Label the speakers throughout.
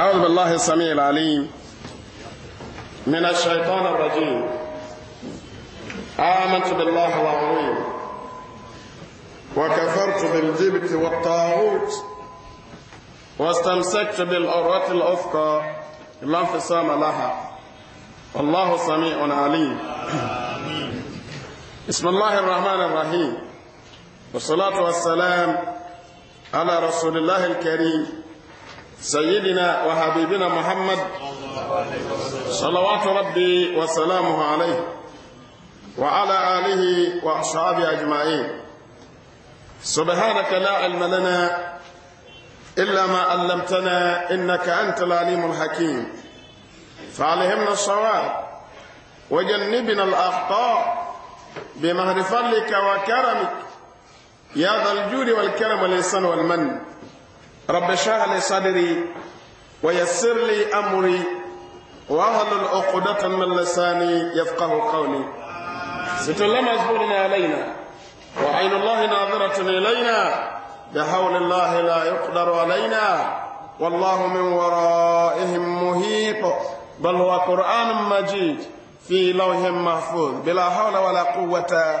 Speaker 1: أعوذ بالله السميع العليم من الشيطان الرجيم آمنت بالله العظيم وكفرت بالجبت والطاغوت واستمسكت بالأروة الأفقى لا انفصام لها والله سميع عليم بسم الله الرحمن الرحيم والصلاة والسلام على رسول الله الكريم سيدنا وحبيبنا محمد صلوات ربي وسلامه عليه وعلى آله وأصحابه أجمعين سبحانك لا علم لنا إلا ما علمتنا إنك أنت العليم الحكيم فعلهمنا الصواب وجنبنا الأخطاء بمهر فضلك وكرمك يا ذا الجود والكرم والإحسان والمن رب اشرح لي صدري ويسر لي امري واهل العقدة من لساني يفقه قولي ست الله مزبور علينا وعين الله ناظرة إلينا بحول الله لا يقدر علينا والله من ورائهم مهيط بل هو قرآن مجيد في لوح محفوظ بلا حول ولا قوة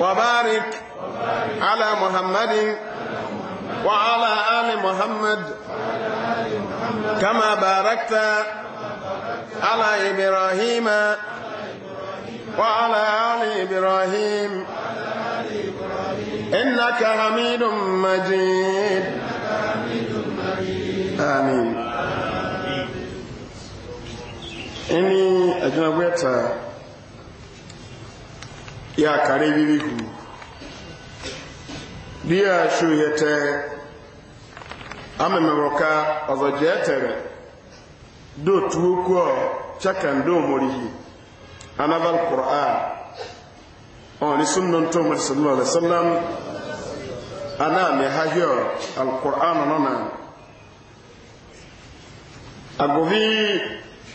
Speaker 1: وبارك على محمد وعلى آل محمد كما باركت على إبراهيم وعلى آل إبراهيم إنك حميد مجيد آمين إني أجنبت ya kare bibiku dia shuyete amemeboka ozojetere do tuwo chakan do morihi anabal qur'an oni sunnon to muhammad sallallahu alaihi wasallam ana me hahyo alquran nona agovi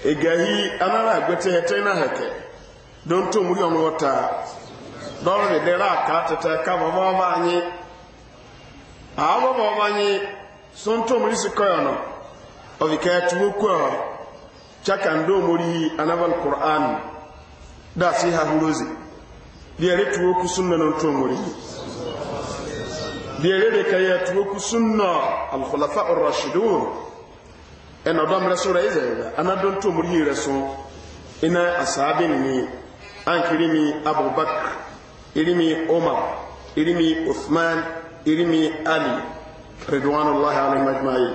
Speaker 1: egahi anara agbete hete na heke don to muri onwota dɔbɔ de dera kaa tete kama mɔ ma anyi awo mɔ ma anyi sonto mori si kɔyɔ no ɔbi kɛ tuwo kɔyɔ kyaka ndo mori anabal kur'an daasi ha hurozi deɛre tuwo ku sunna no nto mori deɛre de kɛyɛ tuwo ku sunna alkhulafa ɔrɔshidun ɛna e ɔdɔmrɛ so rɛ ɛzɛ anadɔ nto mori yɛrɛ so ina asaabi ni ankiri mi abubakar irimi umar irimi usman irimi ali ridwanullahi alayhim ajma'in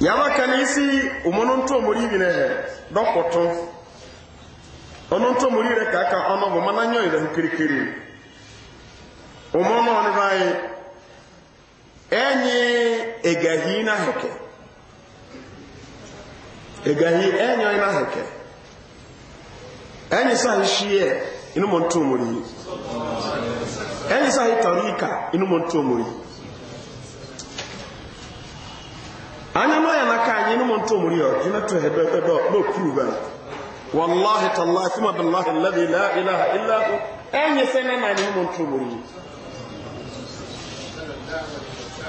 Speaker 1: yaba kanisi umuntu to muri binehe dokoto omuntu muri re kaka ono bo mananyo ile hukirikiri umuntu oni bai enyi egahina heke egahi enyo ina heke ɛnyi sa ahyehyɛ inu mu ntu omori ɛnyi sa ahe tarika inu mu ntu omori anyamọ yẹn naka anyi inu mu ntu omori yɛ ɛna to ɛbɛ bɛ dɔ bɛ kuru bɛ wallahi tallahi fima billahi alladhi la ilaha illa hu ɛnyi sɛ nana inu mu ntu omori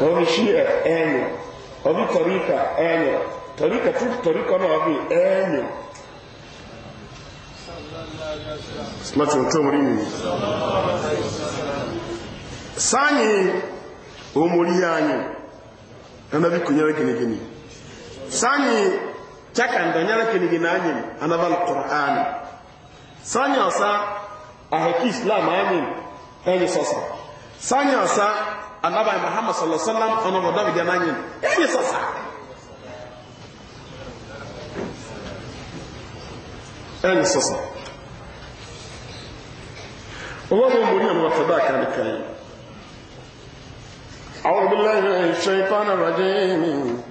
Speaker 1: ɔbi hyia ɛnyi ɔbi tarika ɛnyi tarika tu tarika naa ɔbi ɛnyi. láti ọ̀tọ́ orí mi sáàyì omori yanyi anabi kunyere ginigini sáàyì chakanda nyere ginigini anyi anabal qur'an sáàyì ọ̀sá ahẹ́kí islam anyi sosa sọ́sọ́ sáàyì ọ̀sá anabai muhammad sallallahu alaihi wasallam ọ̀nà ọ̀dọ́ ìgbẹ́ anyi ẹni وما مريم وفداك لك أعوذ بالله من الشيطان الرجيم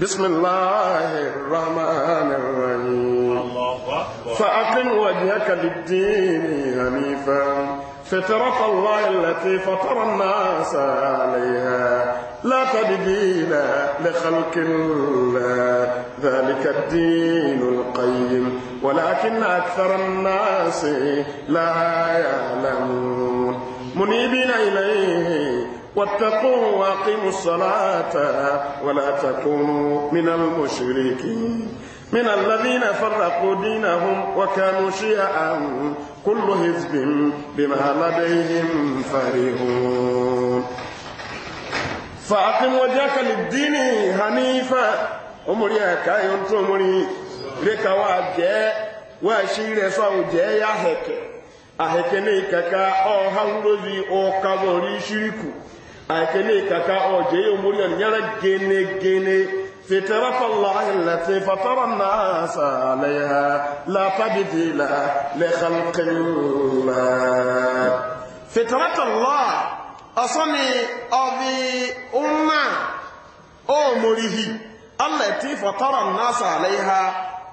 Speaker 1: بسم الله الرحمن الرحيم فأقم وجهك للدين حنيفا فطرة الله التي فطر الناس عليها لا تبديل لخلق الله ذلك الدين القيم ولكن أكثر الناس لا يعلمون منيبين إليه واتقوا واقيموا الصلاة ولا تكونوا من المشركين من الذين فرقوا دينهم وكانوا شيعا كل حزب بما لديهم فرحون فأقم وجهك للدين حنيفا أمري أكاي أنت أمري reka wa wa shi resa o ya heke aheke ne kaka o hangrozi o kabori shiriku aheke ne kaka o jee yo muri on nyara gene gene فترف الله التي فطر الناس عليها لا تبديل لخلق الله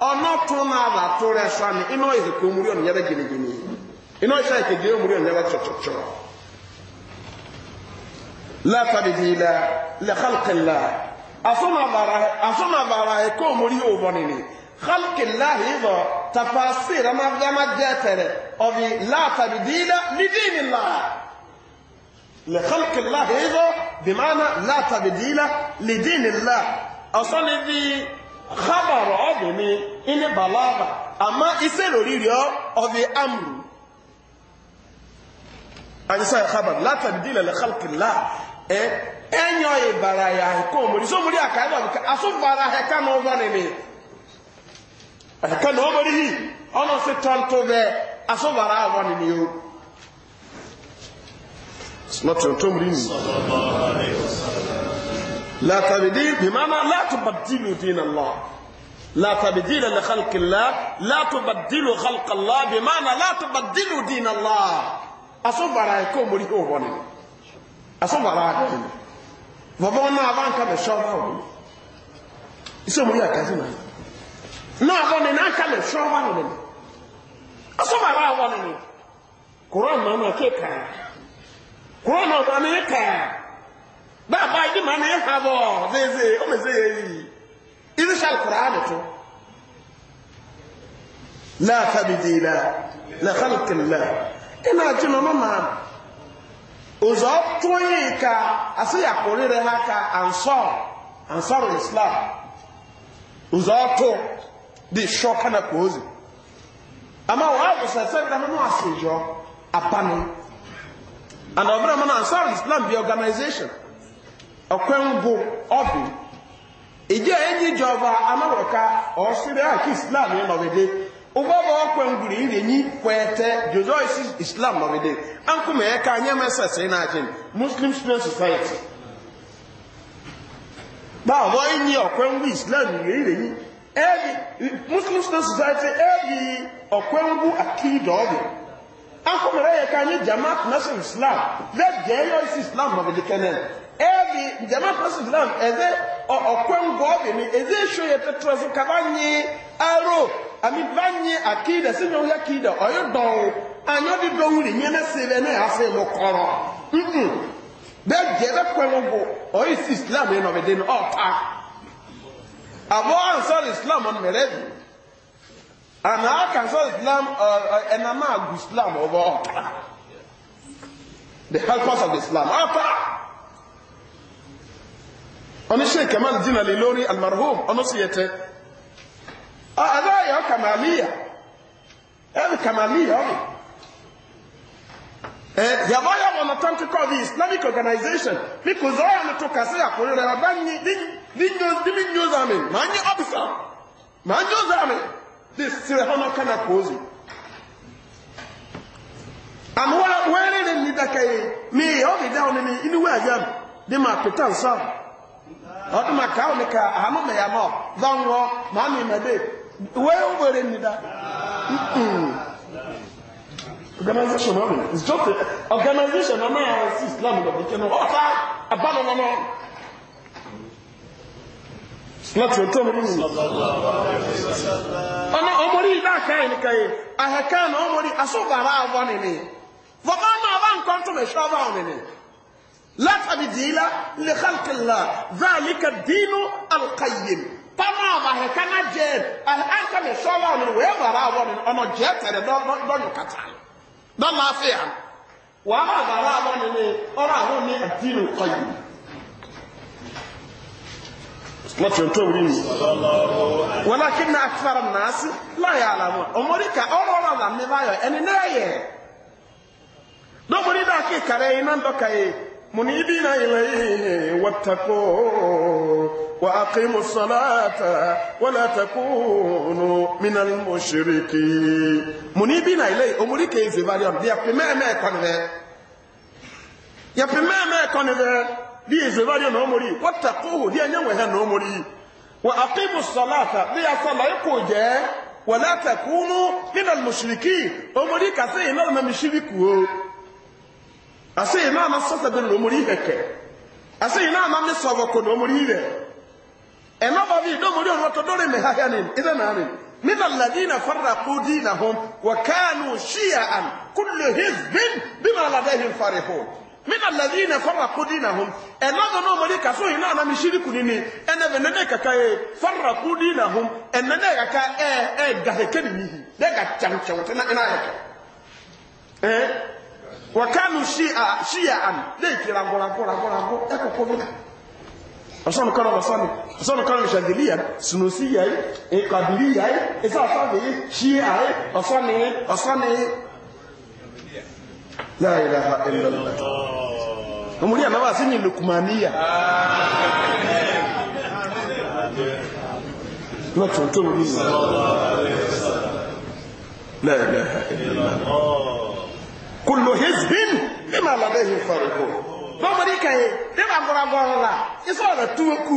Speaker 1: ọ̀nà tún náà bá tó rẹ̀ sọ ni iná ìdìkú omúrí ọ̀nà yẹ́rẹ́ gìnìgìnì iná ìṣẹ́ ìkejì omúrí ọ̀nà yẹ́rẹ́ tsọ̀tsọ̀tsọ̀ lẹ́fàdìdì ilẹ̀ lẹ́xalkìlá asọ́nàbàrà ẹ̀kọ́ omúrí òbọ̀nìní xalkìlá yìí tafasi ramadamadama jẹtẹrẹ ọbi látàdìdì ilẹ̀ nídìnnìlá lẹ́xalkìlá yìí bìmánà látàdìdì ilẹ̀ nídìnnìlá ọ̀sán ni bíi habara ọdụ ni ini balaba ama ise loriri ọdị amru anyị sa habar lata dị lele halkila e enyo ibara ya nke omori so omori aka ebe nke asụ heka na ụzọ heka na hi ọnụ si tọntụ be asụ bara awọ nini o sinọtụ ntọmri ni لا تبديل بمعنى لا تبدلوا دين الله لا تبديل لخلق الله لا تبدلوا خلق الله بمعنى لا تبدلوا دين الله أصوب عليكم مريكم ونين أصوب عليكم وما نعبان كما شرعوا إسو مريا كذنا نعبان نعكم شرعوا أصوب عليكم ونين قرآن ما نعكي كان قرآن ما نعكي bẹ́ẹ̀ bá ìdí màá náà ha bọ̀ ṣeéṣe ó lè ṣe yẹn yìí ìdí ṣàkùrà ánì tó láàtàbìdì ilà lẹ́kàlùkìlà ina jin ọmọ ma ụzọ tụghị ka asị ya kụrịrị ha ka ansọr ansọr islam ụzọ tụ dị shọ kana ka ozi ama wa bụ sese dị ahụhụ asị jọ apanụ and ọbụla mana ansọr islam bi organization ọ̀kwẹ́ngbò ọ̀bì ìjẹ́ ẹ̀yìn ìjọba amẹ́wọ̀ká ọsịrị àkí ah, islam ní nọ̀rẹ́dẹ́ ụgbọ́bọ̀ ọ̀kwẹ́ngbùrì ìrè yí islam nọgide ankụmọ̀ ẹ̀ka anyị mss muslim society islam muslim student society ka anyị jamaat nasir islam lẹ́jẹ̀ẹ́ isi islam nọgide kẹ́nẹ́ẹ̀ ebi jama kristu islam ɛdɛ ɔkwan gɔɔbi ni ɛdɛ esu yɛ pɛtɛ so kaba nye aro ami ba nye akida sɛ nyɛ ɔyɛ akida ɔyɛ dɔw anyɔ di dɔw li na se bɛ ne ase mo kɔrɔ nkun bɛɛ jɛ bɛ kwan go ɔyɛ si islam yɛ na ɔbɛ den ɔta abo ansar islam mɛrɛ bi ana aka ansar islam ɛɛ ɛnama agu islam ɔbɔ ɔta the helpers of islam ɔta. oni sheikh kamal jina liloni almarhum ono siyete a ada ya kamalia ebi kamalia obi eh ya baya wana tanki kwa the islamic organization miku zoya mituka siya kulire wabanyi dinyo dinyo zamin manyi obisa manyi zamin this sire hono kana kuzi amwala wele ni me mi obi dawo ni mi inu wa jam de ma petan sa ọdún maka ká ka àhámọ́ mẹ̀yà náà bá ń wọ màámi mẹ́dẹ́ wé ń wèrè organization it's just a organization ọ̀nà yà sí islam láti mi ọmọdé yìí dáa káyìn káyìn ọmọdé àwọn bá bá wọn لا تبديل لخلق الله ذلك الدين القيم pama ma he kana je an ka me so wa no we bara wa no ono je tere do do no kata do ma fe ha wa ma bara wa no ni ora ho ni adinu qayyim ما تنتورين ولكن اكثر الناس لا يعلمون امريكا اورا لا مي بايو اني نايه دومري دا كي كاري نان دوكاي منيبين إليه واتقوا وأقيموا الصلاة ولا تكونوا من المشركين منيبين إليه أمري كيف يباليون دي أبي ما ما يكون ذا يبي ما ما يكون ذا دي يباليون أمري واتقوه دي أن يوهن أمري وأقيموا الصلاة دي أصلا يقول جاء ولا تكونوا من المشركين أمري كسي إنه من المشركين ase yi naama sasa bi na omori hɛkɛ ase yi naama mi sɔbɔ ko na omori yɛ ɛnaba bi domori ɔno ɔtɔ dɔre mi ha hɛnin ɛdɛ naani min aladina farraku dinahum wa kanu shi'an kullu hizbin bima ladayhim farihun min aladina farraku dinahum ɛnaba e e, e na omori kaso yi naama mi shiri kuni ni ɛnɛ bɛ nene kaka ye farraku dinahum ɛnɛ ne kaka ɛɛ ɛɛ gaheke ni mihi ne ka can can tɛ na ɛna yɛ kɛ ɛɛ wakanu shia shia an de kira ngora ngora ngora ngo eko ko loka asono kana basani asono kana mishandilia sunusia yi e kabilia yi e sa sa de shia yi asani yi asani la ilaha
Speaker 2: illa allah
Speaker 1: umuri ama basi ni lukmania
Speaker 2: amen lo tonto muri sallallahu alaihi la ilaha illa
Speaker 1: kulu hezbin bima ladayhi farihu bọ́mọdé kẹyìn bí wàá gbọ́ra gbọ́ra la iṣẹ́ ọ̀rọ̀ tó o kú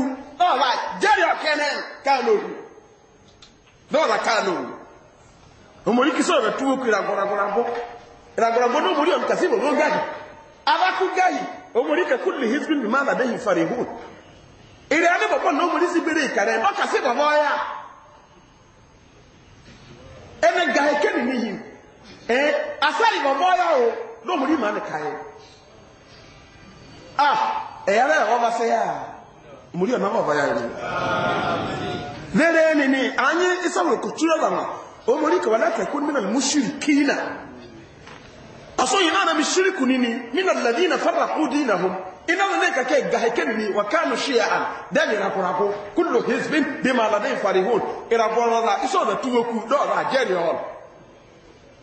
Speaker 1: ọ̀la jẹ́rìí ọ̀kẹ́nẹ́ kánò dọ́ọ̀la kánò ọmọdé kìí sọ ọ̀rọ̀ tó o kú ìràgbọ́ra bọ́ ìràgbọ́ra bọ́ ní ọmọdé ọ̀nà kàsí ìbò ló ń gáyì abakú gáyì ọmọdé kẹ kulu hezbin bima ladayhi farihu ìrẹ́ adébọ̀pọ̀ ní ọmọdé sì gbére ìkàrẹ́ ọ̀kàsí bọ̀bọ̀ ya ẹnẹ gàhẹ́kẹ́ nìyí ẹ asẹ́rì bọ̀bọ̀ yà o lóhùn ìmọ̀ nìka yẹ Ah, ẹ̀yà rẹ̀ wọ́n bá sẹ́ yà múlí ọ̀nà bọ̀bọ̀ yà yẹ. lẹ́rẹ̀ ni ni anyi isaburo kòtúrọ̀ lànà o mọ̀ ní kàwá láti ẹ̀kọ́ nínú mú ṣírí kíínà aso yìí náà mi ṣírí kù níní nínú lẹ́dí iná fẹ́ràn kú dín iná hom iná lónìí kàkẹ́ gàhẹ́kẹ́ nìní wà kánú ṣí yà án dẹ́ni ìrakùnrakù kúlò hezbin bí màlá dé ìfarihàn ìrakùnrakù isọ̀rọ̀ tuwọ́kù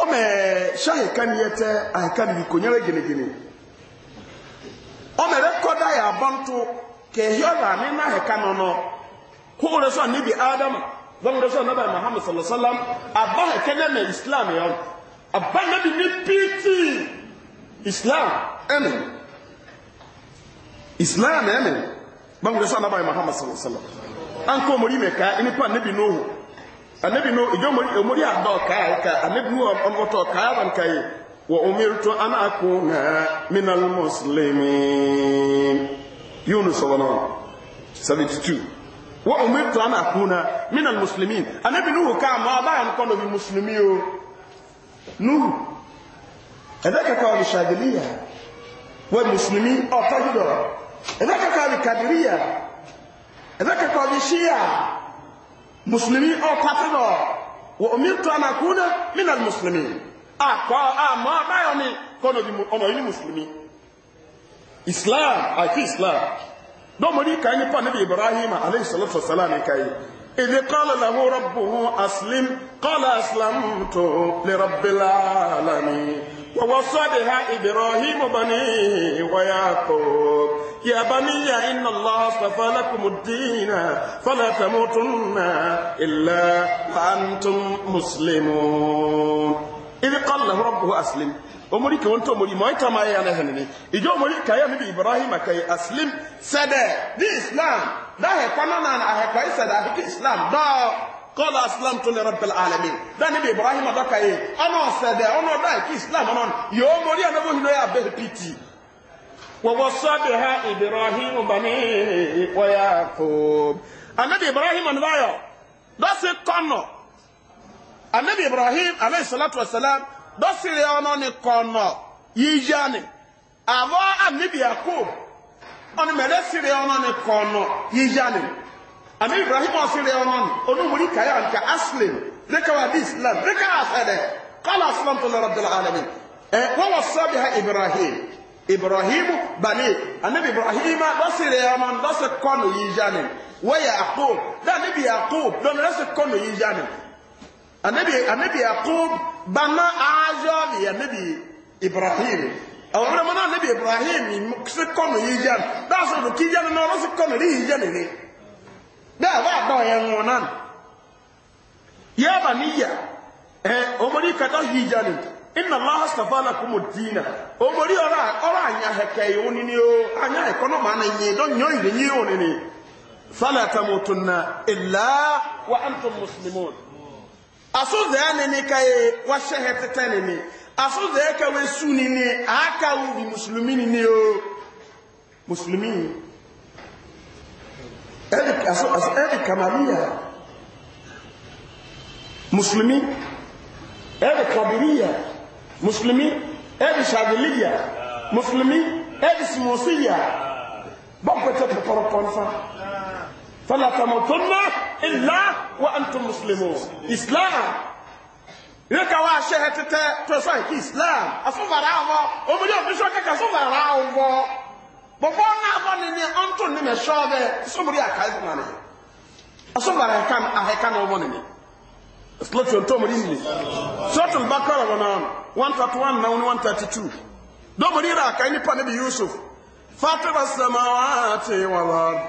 Speaker 1: ọmọ ẹ̀ṣọ́ àyíkáni yẹ tẹ àyíkáni yìí kò nyẹrẹ gẹnẹgẹnẹ abantu ẹ̀rẹ kọ́dá yà abọ́ntò kẹ̀hí ọ̀rọ̀ àmì náà ẹ̀ka nọ̀nà kó o rẹ̀ṣọ́ níbi ádámà ba o rẹ̀ṣọ́ nàbà muhammed sallallahu abọ́ islam ya ọ́ abọ́ nàbì ní islam ẹ̀mẹ̀ islam ẹ̀mẹ̀ bọ́n o rẹ̀ṣọ́ nàbà muhammed sallallahu anko mori pa anabi no ijo mori omori adọ kaa ka anabi no ọmọtọ kaa ban kai wa umirtu an akuna min al muslimin yunus wa 72 wa umirtu an akuna min al muslimin anabi no ka ma ba yan kono bi muslimi o nuhu edaka ka wa shadiliya wa muslimi o tajido edaka ka wa kadiriya edaka ka wa shia musulmi ọ̀pátínà wọ̀mí tó ànàkúnná mínà musulmi àpọ̀ àmọ́ báyọ̀ ni kọ́nà yìí musulmi islam àti islam dọ́mọdé kan nípa níbi ibrahim aleyhisalatu wasalam nìkan إذ قال له ربه أسلم قال أسلمت لرب العالمين ووصى بها إبراهيم بنيه ويعقوب يا بني إن الله اصطفى لكم الدين فلا تموتن إلا وأنتم مسلمون إذ قال له ربه أسلم omori ke wonto omori mo ita ma ya na henene ijo omori ka ya bi ibrahim kai aslim sada di islam da he kwana na he kai sada di islam da قال اسلمت لرب العالمين ده نبي ابراهيم دوكا ايه انا سد انا دا كي اسلام انا يوموري انا بو هنا ابي بيتي ووصى بها ابراهيم بنيه ويعقوب النبي ابراهيم ان بايو ده سي كونو النبي ابراهيم عليه الصلاه والسلام ده سي انا ني كونو يجاني ابا النبي يعقوب انا مرسي انا ني كونو يجاني أنا إبراهيم يا أمان أنا مري كايا أنك أسلم لك وادي إسلام لك أسلم قال أسلم تل رب العالمين قال صابها إبراهيم إبراهيم بني أنا إبراهيم أصلي أمان بس كونو يجاني ويا أقوب ده نبي أقوب ده نفس كونو يجاني أنا بي أنا بي أقوب بنا عجاب يا نبي إبراهيم أو أنا نبي إبراهيم مكسر كونو يجاني ده سو كيجاني نورس كونو يجاني ليه bẹ́ẹ̀ bá dọ̀ yẹn wọn náà yaba niya omori kata hijja ni inna allah astafa lakum dina omori o na yẹn dọ́ nyọ́ ìrìn yìí wọn ni fala tamutunna illa wa antum muslimun asúnzẹ ẹni ni ka yẹ ni ka ni ni bi musulumi o ẹ̀rì kàmàlíyà musulmi ẹ̀rì kàbíríyà musulmi ẹ̀rì ṣàdìlíyà musulmi ẹ̀rì simosíyà bọ́pẹ̀tẹ̀ pẹ̀pọ̀rọ̀ pọ̀nfà fọ́látàmọ̀tọ́nà ìlà wà ń tún musulmi islam reka wa ahyɛ hɛ tetɛ tɔ sɛ islam
Speaker 2: asofara awɔ
Speaker 1: omu yɛ omi sɔ kaka sofara awɔ bɔbɔ n'aba ni ni ɔnto ni mɛ sɔɔ bɛ sɔmuri akayi kuma ni asɔmuri aheka aheka na ɔbɔ ni ni silɔtɔ ntɔmuri ni sɔtɔ nbakara wɔ n'an one thirty one na one thirty two dɔmuri yɛrɛ akayi nipa ne bi yusuf fatima samawati wala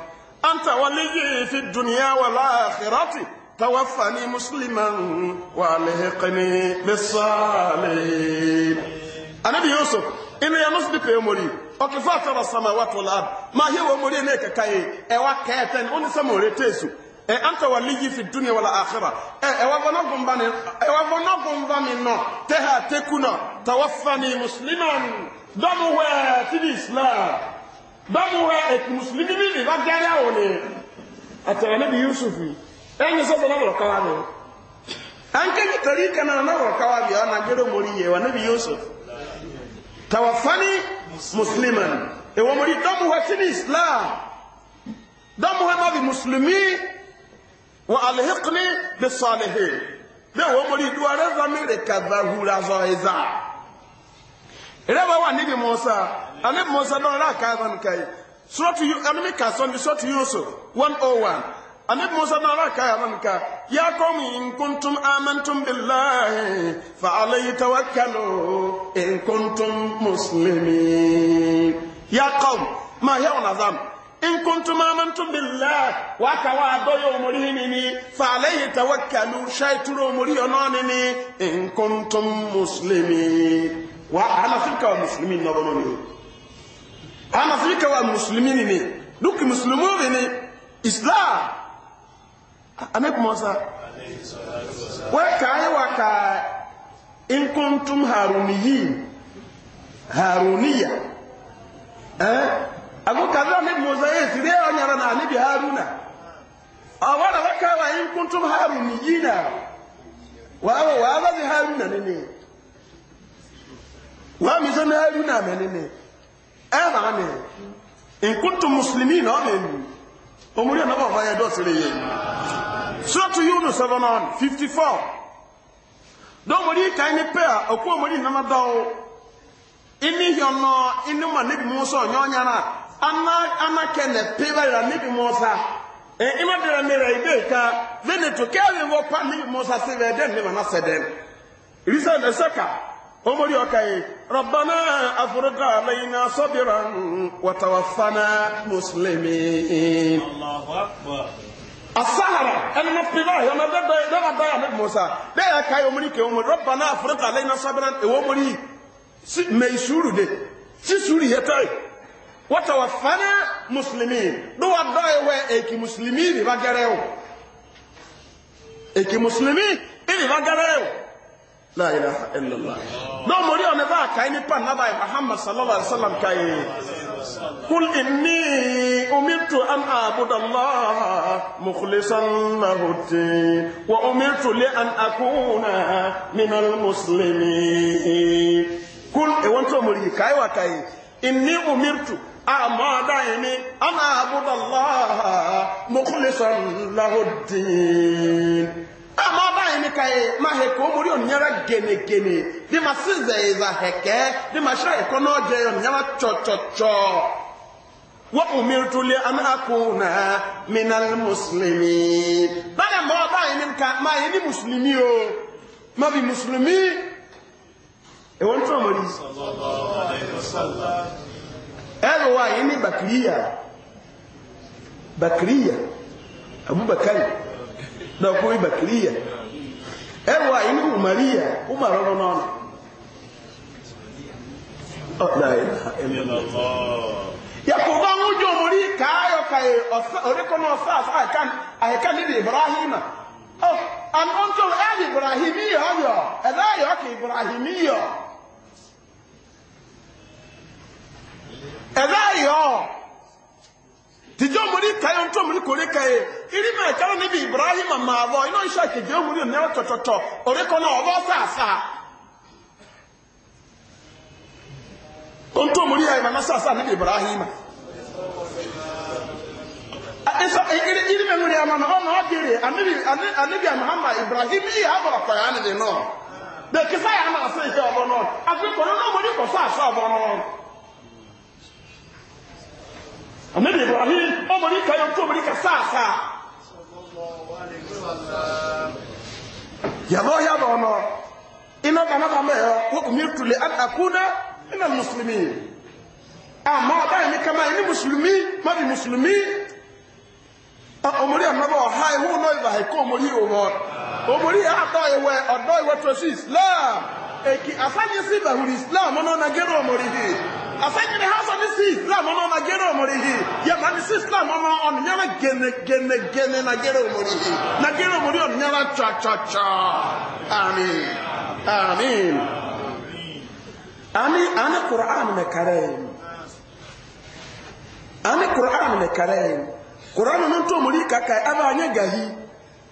Speaker 1: anta waliji fi duniya wala akirati tawafani musliman wa alihikini bisaali anabi yusuf inu ya musu bi pe mori ọkẹfà àtọrọ samawati wal ard máa yẹ wọn mọrí ẹni kẹka yìí ẹ kẹẹtẹ ni wọn ní sẹmọ rẹ tẹsù ẹ e, anta wà líyì fi dunya wal akhirah ẹ e, ẹ wà bọ́nà gùnbà mi ẹ wà bọ́nà gùnbà mi nọ tẹ́hà tẹ́kù nọ tawaffani musliman dọ́mu wẹ̀ ti di islam dọ́mu wẹ̀ ẹ̀kú mùsùlùmí bí mi bá gẹ́rẹ́ àwọn ni àtẹ̀rẹ̀ níbi yusuf yìí ẹ̀yin sọ́sọ́ náà wọ̀ káwá mi an kẹ́kẹ́ tẹ̀rí tawafani musliman ewo mori dɔmu hɔ sini islam dɔmu hɔ nabi musulumi wa alihikini bi sɔlihi bɛ ewo mori duware zami de ka zahura zɔhiza rɛba wa nibi musa ale musa dɔn ra kaa zɔn kai surɔtu yu ɛnimi ka sɔn bi yusuf one oh annabi musa na raka ya manka ya qawmi in kuntum amantum billahi fa alayhi tawakkalu in kuntum muslimin ya qawm ma ya nazam in kuntum amantum billahi wa ka wa do yo muri ni fa alayhi tawakkalu shayturu muri onone ni in kuntum muslimin wa ana fika wa muslimin na bononi ana fika wa muslimin ni duk muslimu ni islam anẹ́kùnmọ́sá wẹ́kà ayéwàkà inkuntum haruniyi haruniya ẹ́ agúkàdá anẹ́kùnmọ́sá yẹ́ sí rẹ́ ọ̀nyàrá na anẹ́bì haruna ọwọ́n àwọ́kà wà inkuntum haruniyi na wàá wàá bá ti haruna nínú wàá mi sọ ní haruna mẹ́ nínú muslimi na ní inkuntum musulmi náà mẹ́nu omúrí ọ̀nà bọ̀ fáyẹ́ dọ́sílẹ̀ yẹn suratu yunus ọbọnọ fifty four dọmọdé kan ní pẹ́ẹ́ ọkọ ọmọdé nana dọ́wọ́ ini hìọ́nà ana ana kẹ́nẹ̀ pẹ́ẹ́ rà níbi mú sá ibe ka vene care kẹ́rin wọ pa níbi mú sá sí rẹ dẹ́n ní ma na sẹ dẹ́n irisa ẹ̀ sẹ́ka ọmọdé ọkà asahara ɛna na pe naa yɛma dɛbɛ dɛma da yɛ ne musa dɛ yɛ ka yɛ wɔn ni kɛ wɔn rɔba naa afirika ale na sabira ɛwɔ wɔn yi si mɛyi suuru de si suuru yɛ tɔ ye wɔtɔ wa fana musulmi do wa dɔ yɛ wɛ eki musulmi de ba gɛrɛ o eki musulmi de ba gɛrɛ o la ilaha illallah dɔw mori yɛ ne ba ka ye ni pan naba ye muhammad sallallahu alaihi wa sallam ka ye. قل إني أمرت أن أعبد الله مخلصا له الدين وأمرت لأن أكون من المسلمين قل وانت أمري كاي وكاي إني أمرت أما دائني أن أعبد الله مخلصا له الدين ama ba ni ka ye ma heke omori onyara gene di ma si zɛyiza heke di ma hyɛ ɛkɔ na ɔgye onyara tsɔtsɔtsɔ wa umirtuli an akuna minal muslimi bada ma abayi ni ka ma ye ni muslimi o ma bi muslimi ewo n tɔ omori ɛrɛ wa ye ni bakiriya bakiriya abubakari dɔkɔ ibakiriya ɛwɔ ayi ni umariya umar ɔrɔ n'ɔnà ɔlá yìí nà yakubu anwu jomori kaayɔ kaayɛ ɔsa ɔrekɔnɔ ɔsa asa ayikan ayikan ni Ibrahim. ibrahima ɔ anɔntɔ ɛyɛ ibrahimiya ɔyɔ ɛdá yɛ tijọ́ mọ̀rí kayọ̀ tó mọ̀rí kò rí kayé irí mẹ́rin kẹ́rọ bi ibrahim àmàbọ̀ iná iṣẹ́ ìkejì òmùrí òní ọ̀tọ̀tọ̀tọ̀ orékọ́ náà ọ̀bọ̀ sàásà tó mọ̀rí ayé màmá sàásà níbi ibrahim na mẹ́rin rí àmàmà ọmọ ọ̀gẹ̀rẹ̀ àníbi àmàmà ibrahim yìí àbọ̀ ọ̀pẹ̀rẹ̀ aka yàbọ̀ yàbọ̀ ọ̀nà iná kàmákàmá ẹ̀ wọ́kùnmí tulè àkúdá iná mùsùlùmí àmọ́ ọ̀báyìí ní kama ẹni mùsùlùmí mọ́bí mùsùlùmí ọmọdé ọ̀nàbọ̀ ọ̀há ihu náà ìbà ẹ̀kọ́ ọmọdé ọ̀wọ́ ọmọdé àtọ́ ìwẹ̀ ọ̀dọ́ ìwẹ̀ tó sí islam èkì islam asanyere ha sọ ní sí islam na gere òmòrì yìí islam gene gene na gere òmòrì na gẹ́rẹ́ òmòrì ọ̀nìyàrá tsatsatsà amin amin ani ani mɛ kare ani kur'an mɛ kare yin kur'an nu tó kaka yi aba gahi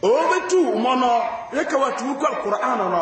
Speaker 1: o bɛ tu mɔnɔ yɛ kawa tu kɔ nɔ na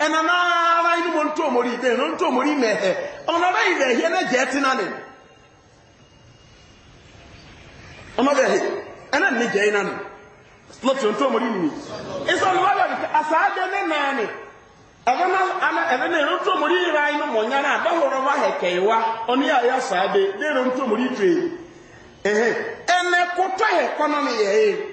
Speaker 1: ɛna n'ara inú mo ntú omori ibe ẹnu ntú omori mẹhẹ ọmọ bẹ yìí lẹhìẹ ẹnẹ jẹ ẹtí nani ọmọ bẹ yìí ẹnẹ ní jẹ nani lọtí ntú omori nìyí ìsọlù ní náà náà ntú omori inú àbáwòrán wa wa omori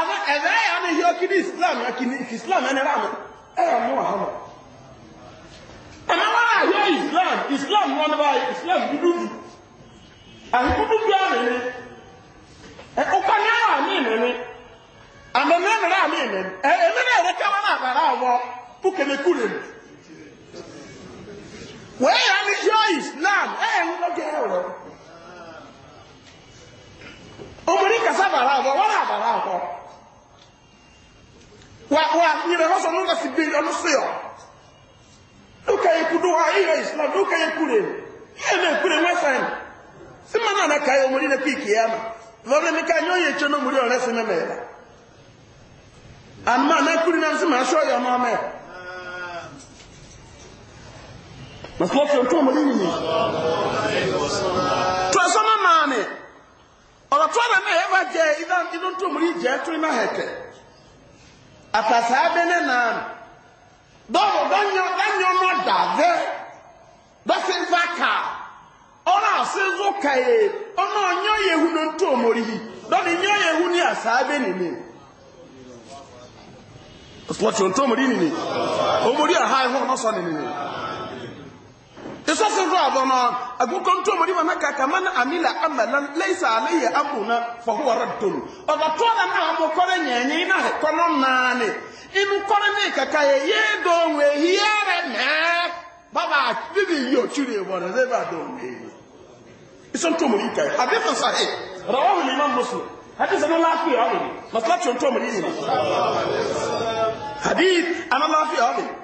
Speaker 1: ama ɛdɛ yɛ ama hi ɔkidi islam akini islam ɛna ɛra ama ɛra e mu wà hama ama wà ahyɛ islam islam wọn bá yɛ islam dudu du ahududu bi e, ama ni ɛ ɔkpa ni ara mi ni ni ama mi ara mi ni ɛ ɛmi na yɛrɛ kama na abara awɔ kó kɛmɛ kú lè mu wọ́n yɛ ama hi islam ɛyɛ ŋun ɔjɛ ɛwɔ omori kasa bara awɔ wɔn abara awɔ wa wa nyina hɔ sɔ no na si bi ɔno so yɔ nuka yɛ kudu hɔ ayi yɛ islam nuka yɛ kure hɛ na kure wɛ fɛn si ma na na ka yɛ omori na pii kia ma lɔri mi ka nyɔ yɛ tso na omori ɔrɛ si na mɛ la ama na kuri na si ma sɔ yɔ ma mɛ masɔn fɛ tó omori yi mi tó ɛsɛ ma maa mi ɔrɔ tó ɛna mi yɛ ba jɛ idan idan tó omori jɛ tó ina afasa abene nan dɔwɔ dɔnyɔ dɔnyɔnɔ dave dɔsinfa ka ɔna asinzo kaye ɔna ɔnyɔ yehu no nto omori yi dɔni nyɔ yehu ni asa abene ne ɔsɔtɔ nto omori nini omori aha ihu ɔna sɔ nini. isɔsi do abɔ no agogo ntomo ni wana kaka mana amila amalan leisa aleyi amuna fɔhuwara dolo ɔba tɔla na amo kɔrɛ nyɛnyi na kɔnɔ naani inu kɔrɛ ne kaka yɛ yɛ don we hiɛrɛ mɛ baba bibi yi o tiri wɔrɛ ne ba don we isɔ ntomo yi kɛ a bɛ fɔ sa he rawahu ni ma musu hadith ana laafiya ɔbi masalasi ntomo yi yi hadith ana laafiya ɔbi.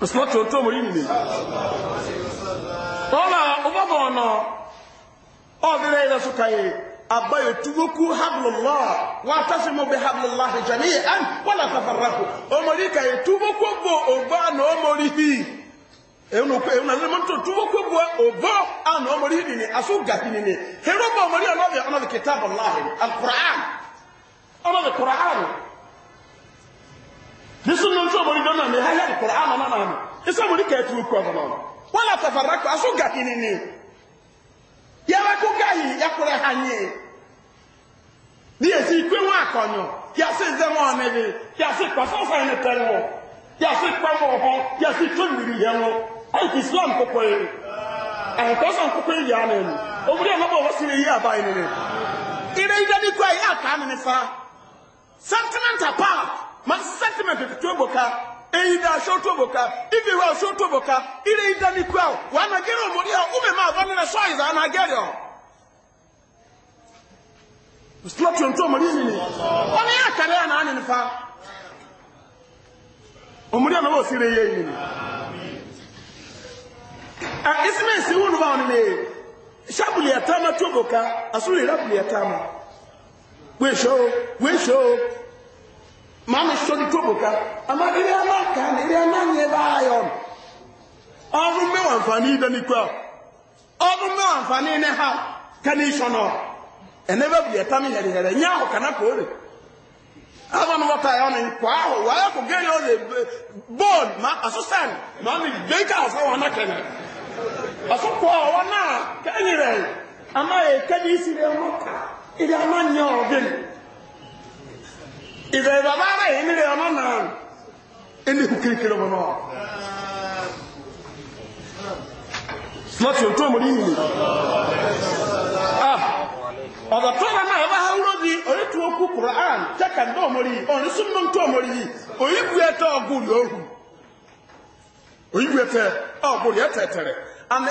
Speaker 1: Mùsùlùmí tó mú rí nìyí. Ọ̀la ọ̀bọ̀bọ̀ ọ̀nà ọ̀bẹ̀rẹ̀ ilẹ̀ sọ̀kàyè àbáyọ̀ túbókú hablùlá wà tásí mú bí hablùlá ìjàní àn wọ́n láta farakù. Ọmọdé kàyè túbókú bò ọ̀bọ̀ na ọmọdé bí. Èwùn òkú èwùn àti ọmọdé ni ni ọmọdé nisun nu nso omori na mi hɛhɛ ama na na mi nso omori kɛtɛ wala tafara ya esi wọn akɔnyɔ yasi nze wọn ɔnɛbi yasi kpasɔsɔ yi tɛ wọn yasi kpɛwɔ hɔ yasi tó miri yɛ wọn ayi islam koko yi ayi kɔsɔn koko ya na ire ma sentiment to boka eyida aso to boka ibi wa aso to boka ire ida ni kwa wa na gere omori a ume ma ba nina so iza na gere o slot yon to omori ni ni ona ya kare na ani nfa omori na wo sire ye ni a isme si wonu ba oni ne shabuli atama to boka asuri rabuli atama we show we show maame sori tó bùkà àmà ìrì àmà kàn ìrì àmà nyẹ báyọ ọdún mẹwàá nfààní dání kọ ọdún mẹwàá nfààní ní ha kàní sọnà ẹnẹ bẹ bìyẹ tá mi hẹrẹ hẹrẹ nyẹ àwọn kàná kò rè àwọn ọmọ ta yọ ni kọ ahọ wà á kò gẹ́rẹ́ ọ lè bọ́ọ̀lù má asọ́sàn maame gbẹ́kà ọ̀fọ̀ wọn náà kẹ́nà ọ̀fọ̀kọ̀ ọ̀wọ́ náà kẹ́yìn rẹ̀ àmà yẹ kẹ́yìn sí rẹ̀ ọmọ kà ìrì àmà nyẹ ọ̀gbìn. ìzẹ̀ ìbàbá ara yìí nílẹ̀ ọmọ náà ẹni kú ọmọ náà láti ọ̀tọ́ ọmọdé yìí
Speaker 2: ah, ọ̀dọ̀ tó ọmọ náà ẹbá hánúrò di
Speaker 1: orítù okú kùrán jẹ́kà ń dọ́ọ̀mọ́rí yìí ọ̀rin súnmọ́ ń tó ọmọrí yìí òyìnbó ẹ̀tọ́ ọgùnrì ọ̀hún àmì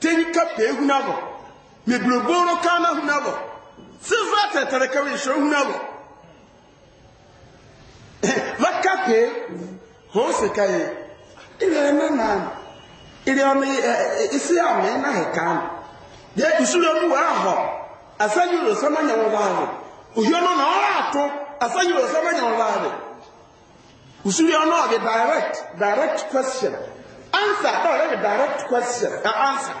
Speaker 1: tenka pee hu n'abɔ mebuloboro kan na hu n'abɔ silva tɛtɛrɛ kawai nhyɛ hu n'abɔ maka pee hɔn sika yi ire na na ire ɔno ɛ e, e, e, isi ame na heka no deɛ nsura mu wɔ ahɔ asanyoro sama nyɛ wɔn baare ohio no na ɔrɔ ato asanyoro sama nyɛ wɔn baare nsura no ɔde direct direct question answer na ɔyɛ direct question ɛ answer.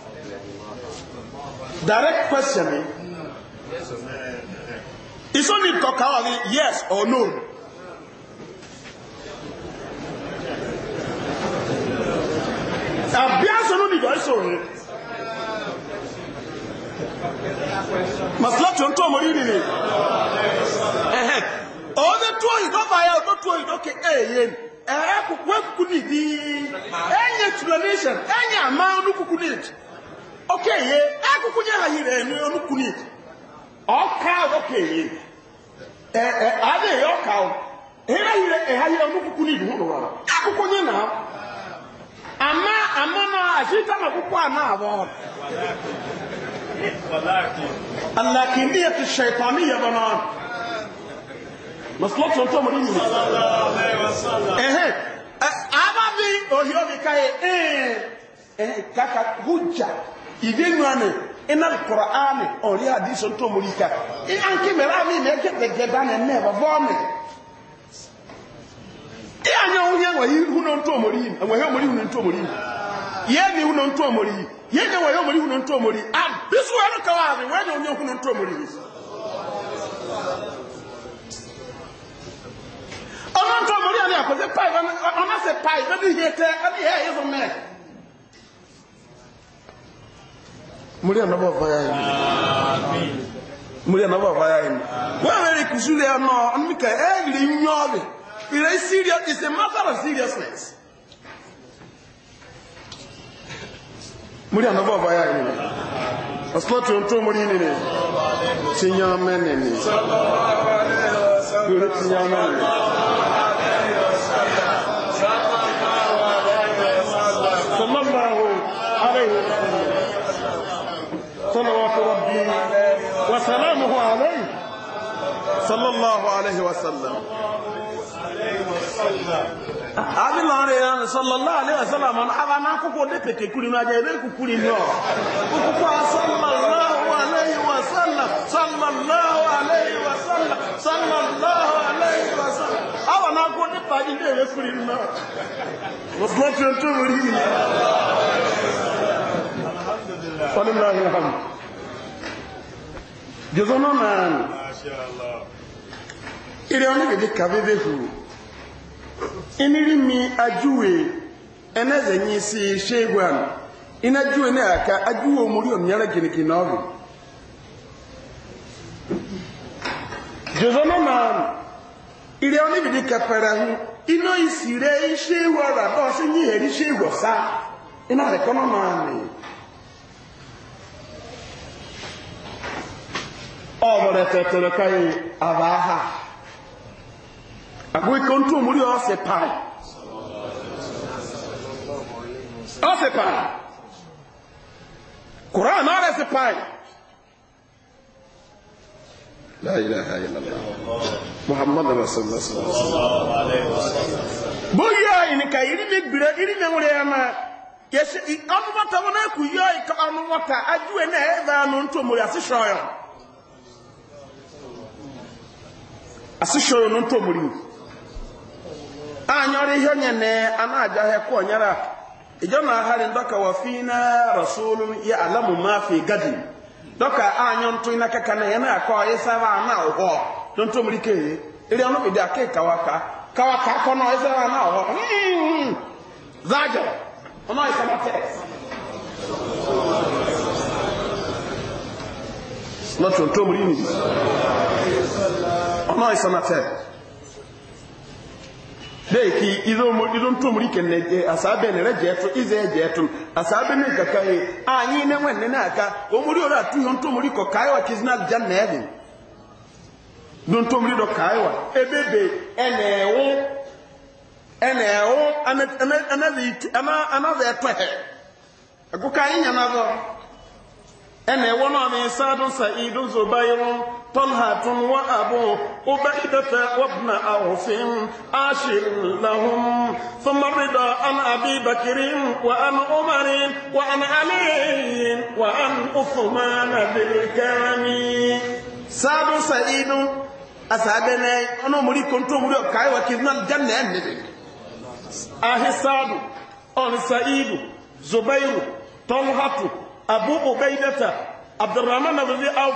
Speaker 1: direct questioning it's only talk about it yes or no àbíàsọ ló ní ìgbà ìṣòro ni masilasi ohun tó mọ̀ nínú ni òun ní tó ìdọ́fà ya òun tó tó ìdọ́kẹ́ ẹ̀yẹ ẹ̀ẹ́ kúkú ẹ̀kúkú nìdí ẹ̀yẹ explanation ẹ̀yẹ àmà onúkúkú nìdí. okenye akụkụ nye ha yiri enu onukwu n'ite ọka okenye e, e, adịghị ọka ịra yiri onukwu n'ite hụrụ ha akụkụ nye na ama ama na ashita na akwụkwọ a na-abụ alakin ndị etu shaitani ya bana maslọtụ ntọ mụrụ imi ehe e, ohi obi ka ee kaka ìdínú àmì iná kọ̀rọ̀ àmì ọ̀rí àdísọ tó mú ríka ìyànkí mẹ́rẹ́ àmì mẹ́gẹ́gẹ́gẹ́ dánẹ̀ mẹ́rẹ́ bọ́ọ̀mì ìyànyẹ ohun yẹn wọ̀nyí húnọ̀ tó mú rí wọ̀nyí ọmọ rí húnọ̀ tó mú rí yẹ́ ni húnọ̀ tó mú rí yẹ́ ni wọ̀nyí ọmọ rí húnọ̀ tó mú rí àbísú ẹnu kọwàá rẹ̀ wọ́n ni ohun húnọ̀ tó mú rí ọmọ tó mú rí àmì àkọ́sẹ́ páì ọmọ sẹ páì ọdún yẹ tẹ ọdún yẹ ẹ̀yẹ́ fún mẹ́rin muri anaba vaya imi muri anaba vaya imi wawere kusule ya no anmika every eh, nyobe it is serious it's a matter of seriousness muri anaba vaya imi asmatu nto muri ni ne sinya menene sallallahu alaihi wasallam sallallahu alaihi wasallam abi lɔri yan sallallahu alaihi wasallam ɔn aba na koko de pete kuri na jɛ ebe kukuri nɔ
Speaker 2: kuku a sallallahu alaihi
Speaker 1: wasallam sallallahu alaihi wasallam sallallahu alaihi wasallam aba na ko de padi de ebe kuri nɔ musulman tiɲɛ tó wuli. alhamdulilayi. jɔzɔn nɔ naani.
Speaker 2: masha allah
Speaker 1: ire ọ̀nà gidi kàfífẹ́ fúru iniri mi ajúwe ẹnẹ́zẹ̀ yìí sí ṣégbọn inájúwe ní àká ajúwe omori òmìnira gìrìgì náà rè jòzọ́nà náà ire ọ̀nà gidi kẹfẹ́rẹ́ hù iná ìsìrẹ́ ṣéwọ́ rà bọ́ sí yìí ẹ̀rí ṣéwọ́ sá iná rẹ̀ náà rè. ọ̀rọ̀ rẹ̀ tẹ̀tẹ̀rẹ̀ káyé àbáhà àgbo ikọ̀ ntú òmùrí ọ̀sẹ̀ pàì ọ̀sẹ̀ pàì koran náà rẹ̀ sẹ̀ pàì.
Speaker 2: لا إله إلا الله محمد رسول الله صلى الله عليه وسلم
Speaker 1: بويا إنك إني مكبرة إني مولي أنا yɛsɛ ɔnumata wɔn ɛkò yɔ ɛka ɔnumata adwuma na ɛyɛba ano ntomori asesɔyɔ asesɔyɔ no ntomori anyọrọ ihe onye na ana aja ha kwa onyara ijo na ahari ndoka wa fina rasulun ya alamu ma fi gadi doka anyo ntu ina kaka na yana akọ isa ba na ogo don to mrike Ili onu bidi ake kawaka kawaka ko no isa ba na ogo hmm. zajo ono isa ba te not to mrini ono isa na te deki idon tumuri kenne e, asabe ne rejetu ize ejetu asabe ne kakai anyi ne wenne na aka omuri ora tu yon tumuri ko kaiwa kizna janna yedi don tumuri do kaiwa ebebe enewo enewo ana ana ana ana ze tohe agukai nyana zo enewo no me sadun saidun zubayrun طلحة وأبو أبيدة وابن أوف عاشر لهم ثم الرضا عن أبي بكر وعن عمر وعن علي وعن عثمان بالكامي سابو سعيد أسعدنا أنا مريد كنت مريد كاي وكذنا الجنة أنه أهي سابو أهي سعيد زبير طلحة أبو أبيدة عبد الرحمن بن أوف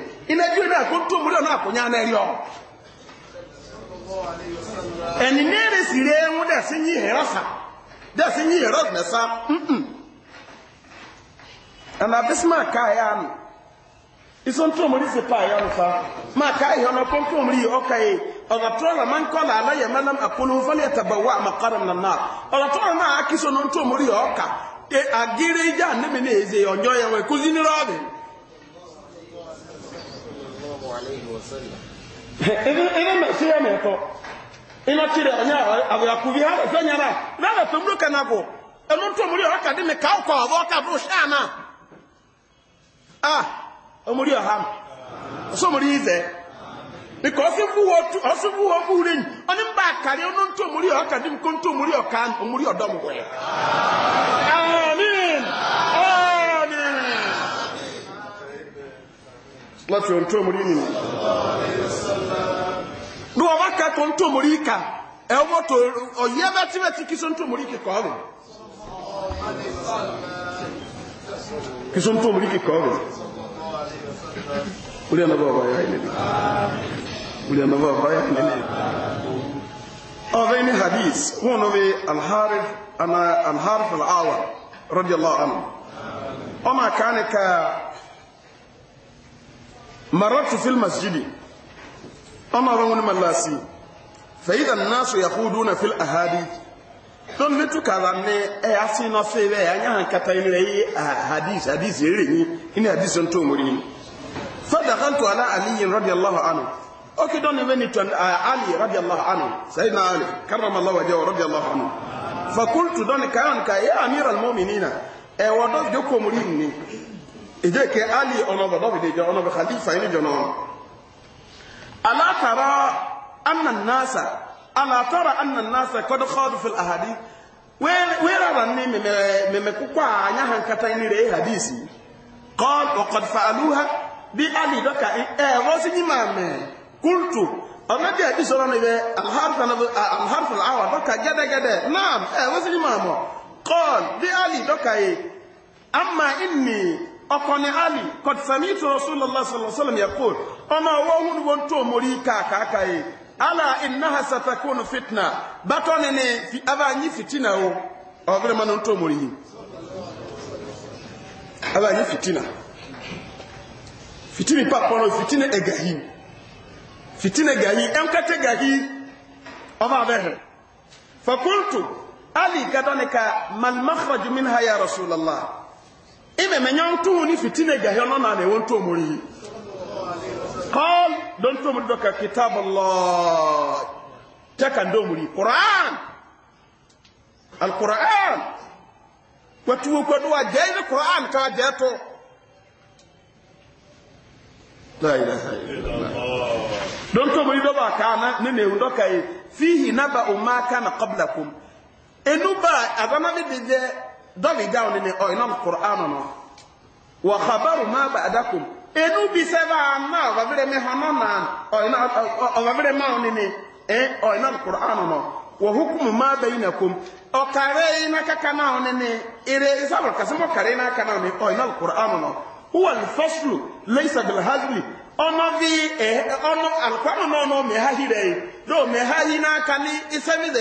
Speaker 1: imeju na ko to muri na eri o eni nere sire enwu da si nyi herasa da si nyi herod mesa mm ana bisma ka ya no iso nto muri se pa ya no fa ma ka ya no ko nto muri o kai o man ko la la ya manam akulu fa le tabawa maqaram na nar o da to na akiso no nto muri o ka e agire ja ne me ne eze onjo ya we kuzini robin
Speaker 2: عليه وسلم
Speaker 1: إذا ما سيما يقول ha ɛfɛ na na bɛ fɛ ɛnu tó ɔka di mi kaw kɔ ɔbɔ hyɛ ana a ɔmu di ɔha mu ɔsɔ mu yi zɛ fu wɔ tu fu wɔ fu ɔni akari ɔnu ɔka di mi ko ɔka ɔdɔm wɛ láti ohun tó mọ̀rí nìyí. ní wọ́n bá kẹ́kọ̀ọ́ ń tó mọ̀rí kà ẹ̀ wọ́n tó ọ̀yẹ́ bẹ́ẹ̀ tí bẹ́ẹ̀ tí kí sọ ń tó mọ̀rí kíkọ́ rẹ̀. kí sọ ń tó mọ̀rí kíkọ́ rẹ̀. wúlíẹ̀ náà bá wà báyà ilé wúlíẹ̀ náà bá wà báyà ilé. ọ̀bẹ ní hadith wọn ò wí alharif alharif al'awa rọ́díọ̀lá ọ̀nà ọmọ àkánika. مررت في المسجد أمرهم الملاسي فإذا الناس يخوضون في الأحاديث don ne tuka la ne ɛ ase na fe bɛ anya hankata yi ne ye hadis hadis yɛrɛ yi ne hadis n t'o mori yi fa dakantu ala ali yin radiyallahu anhu o ki dɔn ne bɛ ni tɔn ali radiyallahu anhu sayi na ali karamala wajɛ radiyallahu anhu fa kultu dɔn kayan ka ye amir al-mɔminina ɛ wa dɔ ko mori yi ìjẹ́ kẹ alì ọ̀nàbọ̀ lọ́bìdì ìjọ ọ̀nàbọ̀ khalifa ìníjọ náà alátara annannasa alátara annannasa kọ́dọ̀ kọ́dọ̀ fil ahadi wẹ́rẹ̀ rà ní mẹ́mẹ́ púpọ̀ àyà hàn kata ní rẹ̀ hadisi kọ́d ọ̀kọ̀d fàlúhà bí alì dọ́kà ẹ̀rọ sí ní màmẹ́ kúrtù ọ̀nàdì ẹ̀bí sọ̀rọ̀ ní bẹ́ alhárfù ọkọni ali kọtisami tó rasulillah sallallahu yakul ọmọ ọwọ́ ohun wọn tó mori kàkàkà yìí ala innaha satakunu fitna bàtọ́ ni ni aba nyi fitina o ọ̀gbẹ́rẹ́ mọ́ni tó mori yìí aba nyi fitina fitini papọ̀nọ fitini ẹgahi fitini gahi ẹnkẹtẹ gahi ọba abẹ́hẹ̀ fakultu ali gadọ́ni ka malmakhrajumin haya rasulallah ime menya ntu ni fitina gahyo no na na ewo ntu omori qal don tu omori doka kitab allah taka ndo omori quran al quran watu ko do ajai quran ka jeto la ilaha
Speaker 2: illallah
Speaker 1: don tu omori do ba kana ne ne ndoka yi fihi naba umma kana qablakum enuba agama bi de dɔli jaw ni ni ɔ ina kur'an nɔ wa habaru ma ba adakum enu bi sɛba ma ɔbɛbɛrɛ mi hama na ɔ ina ɔbɛbɛrɛ ma ni ni ɛ ɔ ina kur'an nɔ wa hukumu ma bɛ ina kom ɔ kare ina kaka na ni ni ere isabu kasimɔ kare ina kaka na ni ɔ ina kur'an nɔ huwa lifaslu leisa bilhazli ọmọ bí ọmọ àlùkọ́nù náà ní isẹ́mi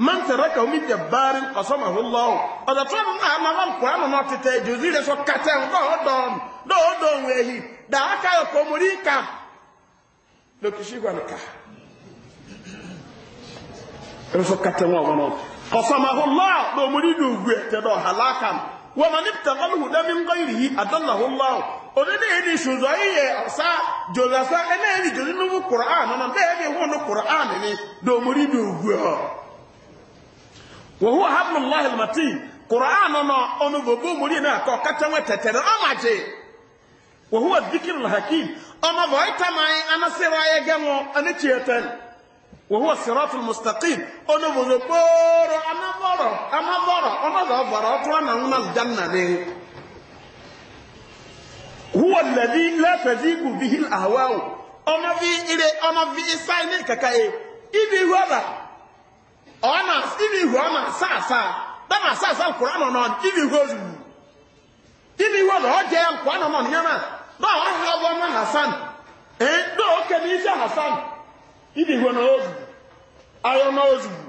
Speaker 1: man taraka min jabbarin qasamahu allah oda to na na wan qur'an no tete jozire so kata en don do don wehi. hi da aka ko murika do kishi kwa nka en so kata wa wono qasamahu allah do muridu gwe te do halakam wa man ibtaghal huda min ghayrihi adallahu allah oda ne ni shuzo iye sa jozasa ene ni jozinu qur'an na na be ni wono qur'an ni do muridu gwe ho wòhú ahabulahi mati kur'an nọ ọmọbòbò mòrí náà kọ kátàwé tẹtẹrẹ ọmọdé wòhú adikiri hakim ọmọbò ìtàmáyé anásẹrẹ ayẹgẹ wọn ẹni tiẹ tẹn wòhú asirọtù mustaqim ọmọbòbò kpọọrọ anabọrọ anabọrọ ọmọbò ọbọrọ ọtún anáwọn aljanna ni. هو الذي لا تزيغ به الأهواء أما في إلي أما في إسائي كاكاي إذي هو ọ na ibi ihu ọ na-asa asa dama asa asa nkwụrụ anọ nọ ibi ihu ozugbo ibi ihu ọzọ ọ jee ya nkwụ anọ nọ ya na dọọ ahụ ọzọ hasan ee dọọ oke na hasan ibi ihu na ozugbo ayọ na ozugbo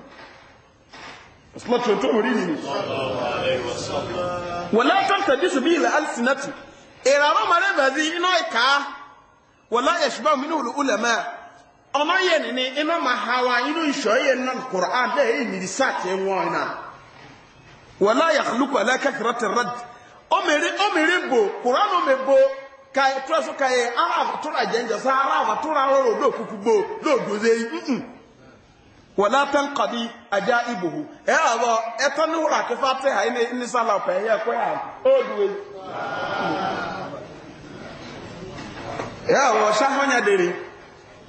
Speaker 1: ọsọtụ tó wòrí nìyí. wọlé tọ́ntà bí sùbí ilẹ̀ alisinati èrè àwọn ọmọ rẹ̀ bàbí iná ìka wọlé ẹ̀ṣùgbọ́n mi ní olùkú lẹ́mẹ́ẹ̀. ọmọ yẹn ni iná ma ha wa inú ìṣọ yẹn nà kùrán bẹ́ẹ̀ yìí nìyí sáàkì wọn iná wọn náà alákàkìrọ ọmọdé ọmọdé bò ọmọdé bò ka tọ́sọ ka yẹ arab tóra jẹ́njẹ́ sá arab tóra rọrọ ló kúkú gbó ló dòzé yìí nn wọn náà tẹ́ ajá ẹ bọ ẹ ní wúrà tẹ ha ẹni ní sálà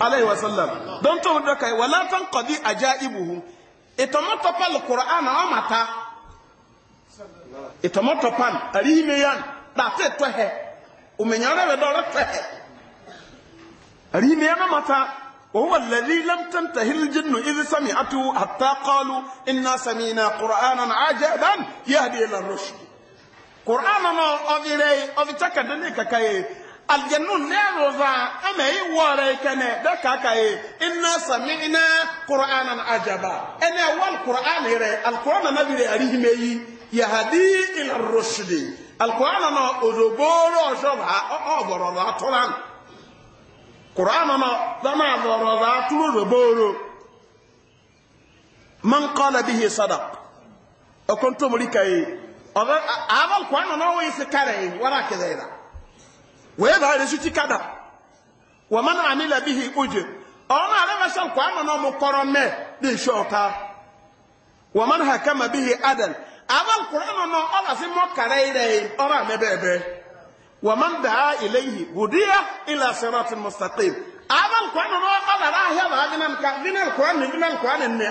Speaker 1: alaihi wasallam don to da kai wala tan qadi ajaibuhu itomoto pal qur'ana wa mata itomoto pal arime yan da te to he umenyana be do to he arime yan mata وهو الذي لم تنتهي الجن إذ سمعته حتى قالوا إنا سمينا قرآنا عجبا يهدي إلى الرشد قرآننا أذي لي أذي تكدني ككي aljanu nero za ama yi wore kene da kaka yi inna sami'na qur'anan ajaba ene wal qur'an ire alquran na bire arihi meyi yahdi ila rushd alquran na odoboro shoba oboro na tolan qur'an na dama boro za turo boro man qala bihi sadaq akonto mulika yi aval qur'an na wa isikare wala kidaira wẹ́ẹ̀bà rẹ̀ sùn ti kádà wọ́n mọ́nà àmìlẹ̀ bí i oje ọ̀nà àrẹ́fẹ́sẹ̀ kọ́ àmọ́ náà mo kọ́rọ́ mẹ́ bí iṣẹ́ ọ̀tá wọ́n mọ́nà àkàmà bí i adàn àwọn kùránù náà ọ̀là sí mọ́ kàrẹ́ rẹ̀ ọ̀rọ̀ àmẹ́bẹ̀ẹ́bẹ́ wọ́n mọ́nà dàá ilé yìí wùdíyà ilà sẹ́rọ̀tì mustaqim àwọn kùránù náà ọ̀là rà áhẹ́ làá bí nàmkà bí nà kùránù bí nà kùránù nì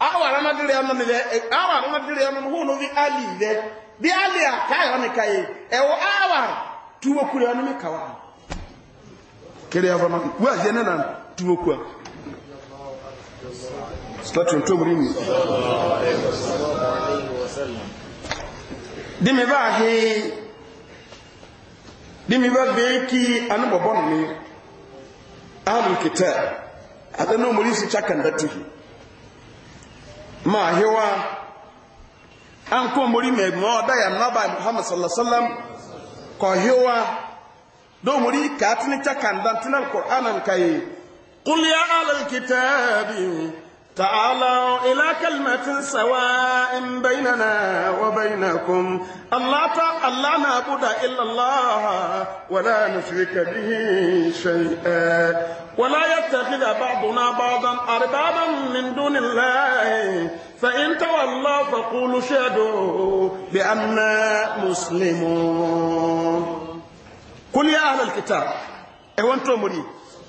Speaker 1: awa ramadiri ano ni dɛ awa ramadiri ano ni hunu bi ali dɛ bi ali a kaa yɔ ni ka ye ɛwɔ awa tuwo kura ano mi ka wa kele ya fama wa yɛ ne na tuwo kura sitatu ntomori mi dimi baa he dimi ba bee ki ano bɔbɔ no mi alu kita adanu omori si kyakanda tuhi ma hewa an ko mori me mo da ya naba muhammad sallallahu alaihi wasallam ko hewa do mori ka tin ta kan dan tin alquran kai تعالوا إلى كلمة سواء بيننا وبينكم الله لا نعبد إلا الله ولا نشرك به شيئا ولا يتخذ بعضنا بعضا أربابا من دون الله فإن تولوا فقولوا شهدوا بأننا مسلمون قل يا أهل الكتاب أهوانتم مريد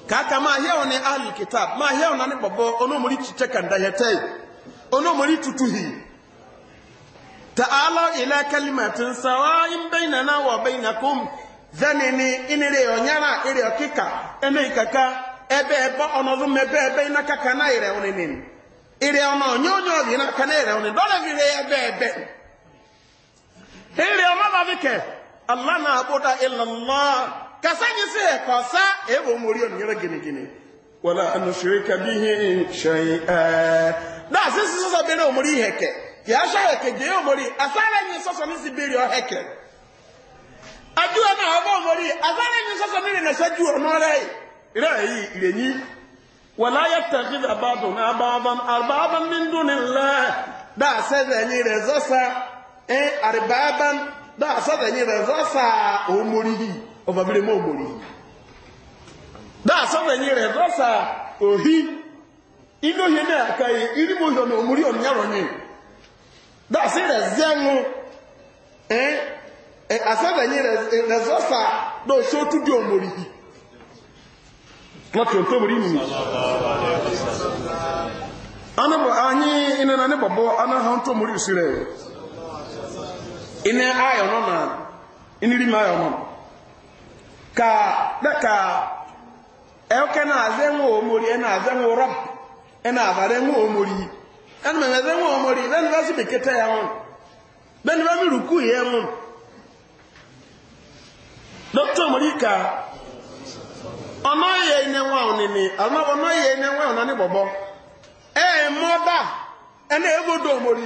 Speaker 1: kaka ma heo ne ahli kitab ma heo na ne babo ono muri chicheka ndayete ono muri tutuhi ta'ala ila kalimatin sawa'in bainana wa bainakum zanini inire onyara ire okika eme ikaka ebe ebe onozu mebe ebe ina kaka na ire oninin ire ono onyonyo bi na kana ire onin dole bi ire ebe ebe ire ono ba allah na abuda illa kasanyi se kɔsa ebo mori o nyere genegene wala anusurika bihi nhyɛn na asisi sɔsɔ bere o mori hɛkɛ yasa hɛkɛ gye o mori asara nyi sɔsɔ e ne si bere o hɛkɛ aduwa na ɔbɔ o mori nyi sɔsɔ ne nana sɛ ju ɔno yi rɛ yi renyi wala yɛ tɛki da ba na ba ba arba ba min do da nyi rɛ zɔsa ɛ arba ba da nyi rɛ zɔsa o mori ọmọbìnrin mọ́ òmòrì dáàsọ́bẹ̀yìn rẹ̀ lọ́sà ohi inú yìí na kàí irúgbò yọ̀nà òmòrì ọ̀nyàrọ̀ ni dáàsí rẹ̀ zẹ́nu àsọ́bẹ̀yìn rẹ̀ lọ́sà lọ́sọ́ otu dị òmòrì bụ anyị inena ne bọ̀bọ̀ anaghị ntụ mòrì nọ na nọ ka daka e n'azɛ ŋo omori ɛn'azɛ aza rɔb ɛn'azɛ ŋo omori ɛnum e omori bɛni bɛ si bi kete yɛ ŋo bɛni bɛ omori ka ɔnɔ yɛ ne ŋo awo nini ɔnɔ ɔnɔ yɛ ne ŋo awo do omori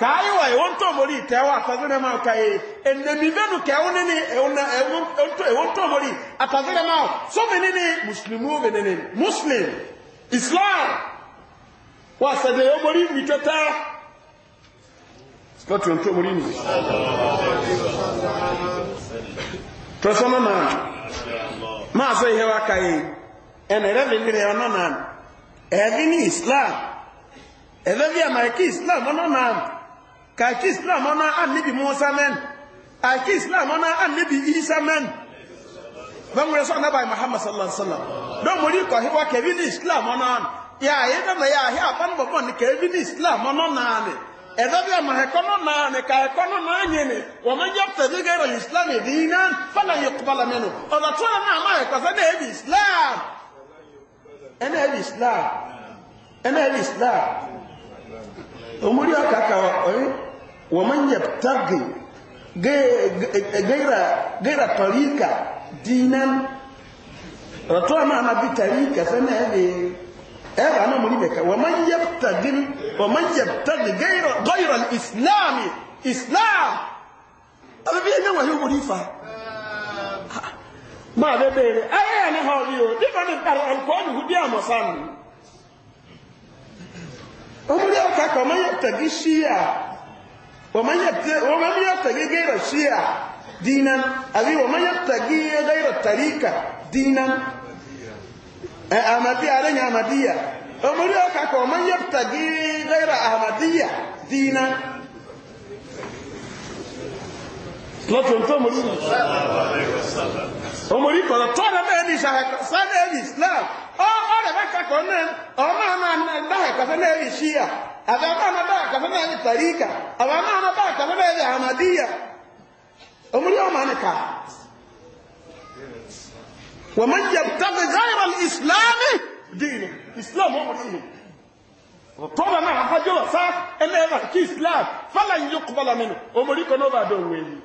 Speaker 1: kaayewa ewo ntomori tẹwa atazirema kaye enemivenu kẹwunini ewuna ewo ntomori atazirema sominini muslimu vinini muslim islam wasade yomori mitata sikọtù ntomori ni tọsọmọ náà máa sọ ihe wa kaye ẹnẹrẹvinire ọ̀nà náà ẹ̀ẹ́dínní islam ẹ̀ẹ́dẹ́bí àmàlẹ́kí islam ọ̀nà náà. kàkí islam ọ̀nà àníbì musa mẹ́n kàkí islam ọ̀nà àníbì isa mẹ́n bẹ́ẹ̀ sọ anábàá muhammad sallallahu alaihi e wa sallam islam ọ̀nà yà áyé dáná yà áyé àbánubọ̀bọ̀ ní kẹ̀rí ní islam ni mọ yẹ tẹ̀lé gẹ́rọ islam èdè iná fọlá yẹ kọ́bálà mẹ́nu ọ̀dà tó islam islam islam ka ومن يبتغي غير غير طريقة دينا رتوا معنا أنا سنه فما هذه أنا أنا مريبك ومن يبتغي ومن يبتغي غير غير الإسلام إسلام أبي أنا وهي مريفة ما بيبي أي أنا هاويو دي كان القرآن هو دي أمسان أمري أكاك ومن يبتغي شيئا ومن يبتغي غير الشيعة دينا أبي ومن يبتغي غير الطريقة دينا أه، أحمدية علينا أحمدية أمري أكاك ومن يبتغي غير أحمدية دينا لا تنتمر الله
Speaker 2: عليه وسلم
Speaker 1: omori kọ̀ọ̀dọ̀ tọ́lá bẹ́ẹ̀ ní sáré ní islam ọ̀rẹ́ bẹ́ẹ̀ kakọ̀ náà ọmọ àmà dáhà kàfẹ́ náà ní ṣíyà àbẹ̀mọ́ àmà dáhà kàfẹ́ náà ní tàríkà àbẹ̀mọ́ àmà dáhà kàfẹ́ náà ní àmàdíyà omori ọmọ nìka wọ́n mọ̀ jẹ́ tàbí záyọ̀ islámi dìínì islam ọmọ nínú tọ́lá náà àfájọ́ wà sá ẹnẹ́ẹ̀mà kí islam fálà yìí yóò kọ́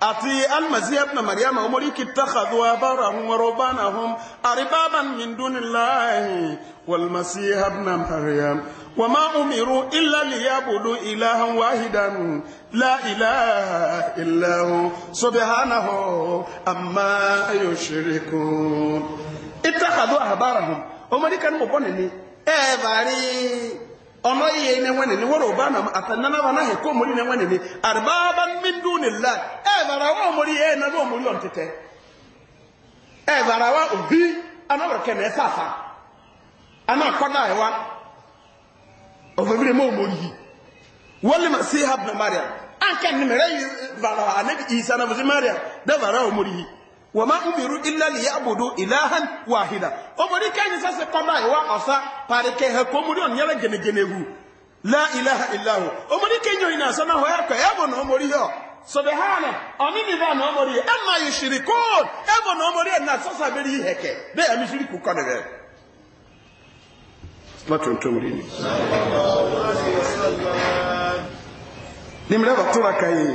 Speaker 1: àti almasi ibn maryam omori kìtàkàdù abárahùn warọ̀bánahùn àríbában minduniláhìn walmasi ibn maryam wà máa umiru ilá liyabudu ilahan wahidan láìláha ilahu sobihanahu amma ayòṣirikú ìtàkàdù abárahùn omori kan mọ̀ bọ́nà ni ẹ̀ẹ́bàrí eh, ọmọ yìí ní wẹ́nì ní wọ́rọ̀ bá nàmú àtànánáwà náà hẹ̀kọ́ mórí ní wẹ́nì ní àrùbáwá mímú nìlá ẹ̀ bàràwá mórí ẹ̀ náà wọ́n mórí ọ̀ntẹ́tẹ́ ẹ̀ bàràwá òbí anáwọ̀rọ̀kẹ́ náà ẹ̀fàfà anáàkọ́dá ẹ̀wá ọ̀fẹ́bìrẹ́ mọ́ mórí yìí wọ́n lè mà sí habna mariam ànkẹ́ ni mẹ́rẹ́ yìí bàràwá anẹ́bí ìsànàbùsí mariam dẹ́ bàràwá mórí yìí wọ́n máa umiru ilẹ̀ lè yàbòdò ìlàhàn wàhìdà ọmọdé kẹ́yìn sẹ́sẹ̀ kọ́mà ìwà ọ̀sá parikẹ́ hẹ kọ́mọdé ọ̀nyẹ́rẹ́ gẹ̀nẹ́gẹ̀nẹ́ hu láìláha ìlàhù ọmọdé kẹ́yìn òyìn àṣọ náà wọ́n ẹ̀kọ́ ẹ̀bọ̀ náà mọ̀rí yọ sọ̀bẹ̀hánà ọ̀nìmìbá náà mọ̀rí ẹ̀ máa yẹ ṣìrì kóòd ẹ̀bọ̀ náà mọ̀rí ẹ̀ náà sọ́sà bẹ́rẹ̀ yìí hẹ̀kẹ́ bẹ́ẹ̀ ẹ̀mí ṣìrì kú kọ́ni rẹ̀. látún tó mọ̀rí ni. ni mìíràn bá tó ra kàyé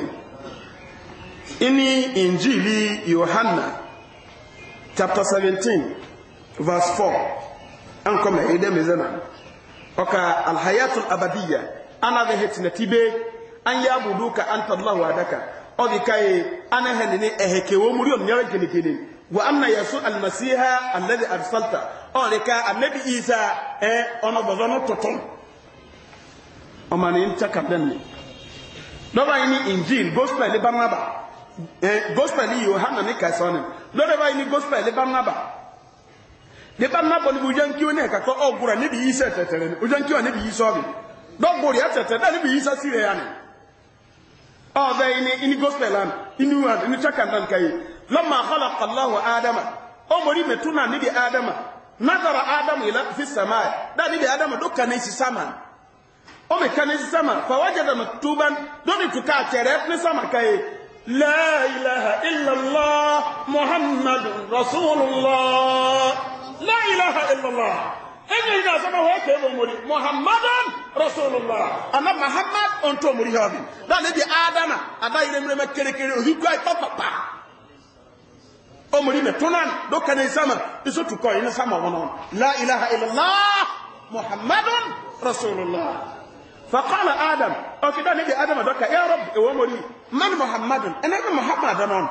Speaker 1: ini injili yohana chapter 17 verse 4 an kome mezena. oka alhayatul abadiyya ana da hitina tibe an ya budu ka an tallahu adaka odi kai ana hanini eheke wo muri on yaran kene kene wa anna yasu almasiha alladhi arsalta odi ka annabi isa e ono bozono toton o intaka benni doba ini injil gospel barnaba Eh, gospel yi yohana ne kaisa ne lori ba yi ni gospel ne barnaba ne barnaba ni ujan kiwo ne kakɔ ɔgura ne bi yi sɛ tɛtɛrɛ ne ujan kiwo ne bi yi sɔɔbi dɔgbori atɛtɛ bɛɛ ne bi yi sɛ sire ya ne ɔbɛ yi ni ini gospel la ne ini wa ini cakanda ka ye lɔma akɔla kɔlɔwɔ adama ɔmori mɛ tuna ne bi adama natara adama yi la fi sama da ne bi adama do kana esi sama ɔmɛ kana esi sama fa wajɛ dama tuban do ne tu ka tɛrɛ ne sama ka ye. لا إله إلا الله محمد رسول الله لا إله إلا الله إني إذا سمعه كيف أمري محمد رسول الله أنا محمد أنت أمري هذه لا نبي آدم أبا يرمي ما كيري كري وهيكو أي بابا بابا أمري متونان دو كان إسامة إسو تكوي إنسامة ونون لا إله إلا الله محمد رسول الله فقال آدم اوكي ده نبي آدم دوكا يا رب هو إيوه ومولي من محمد أنا من محمد أنا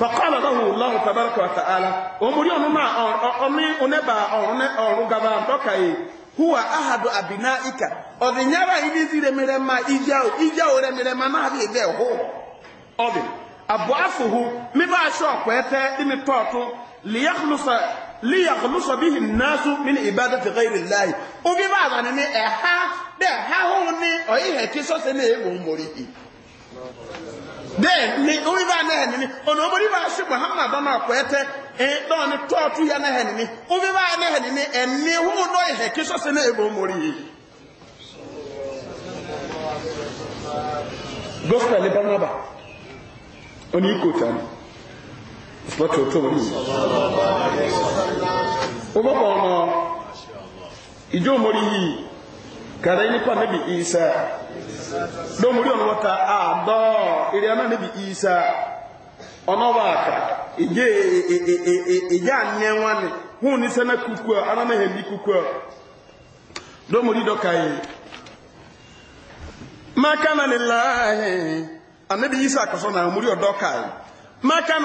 Speaker 1: فقال له الله تبارك وتعالى ومولي أنما أمي أنبا أرون غبا دوكا هو أحد أبنائك او يدي أذن يرى إذي رمرما إجاو ما ما نهدي إذي هو أذن أبوافه مبا شوك ويتا إمي توتو ليخلص ليخلص به الناس من عبادة غير الله وبعض أنني ها de ha hụrụ ni hɛte sɔsɛ na ɛyɛ wɔn mɔri yi dɛ ne omi baa na hɛnini ɔna ɔmɔri baa se muhammad bama akɔɛtɛ ɛn dɔn ya na na hɛnini ɛni hoho na na ɛyɛ wɔn ihe. yi. gospel ne barnaba ɔne ikota no sɔtɔ tɔ mu wobɛbɔ ije kàrẹ́ nípa níbi ìsà lómúrí ọ̀nà wọ́ta àdọ́ ìrìn àná níbi ìsà ọ̀nọ́wà àkà ìjẹ́ ànyẹ́wà ni hún ní sẹ́nà kúkú a anámẹ́hẹ̀ ní kúkú ọ̀ lómúrí dọ́ka yìí mákànà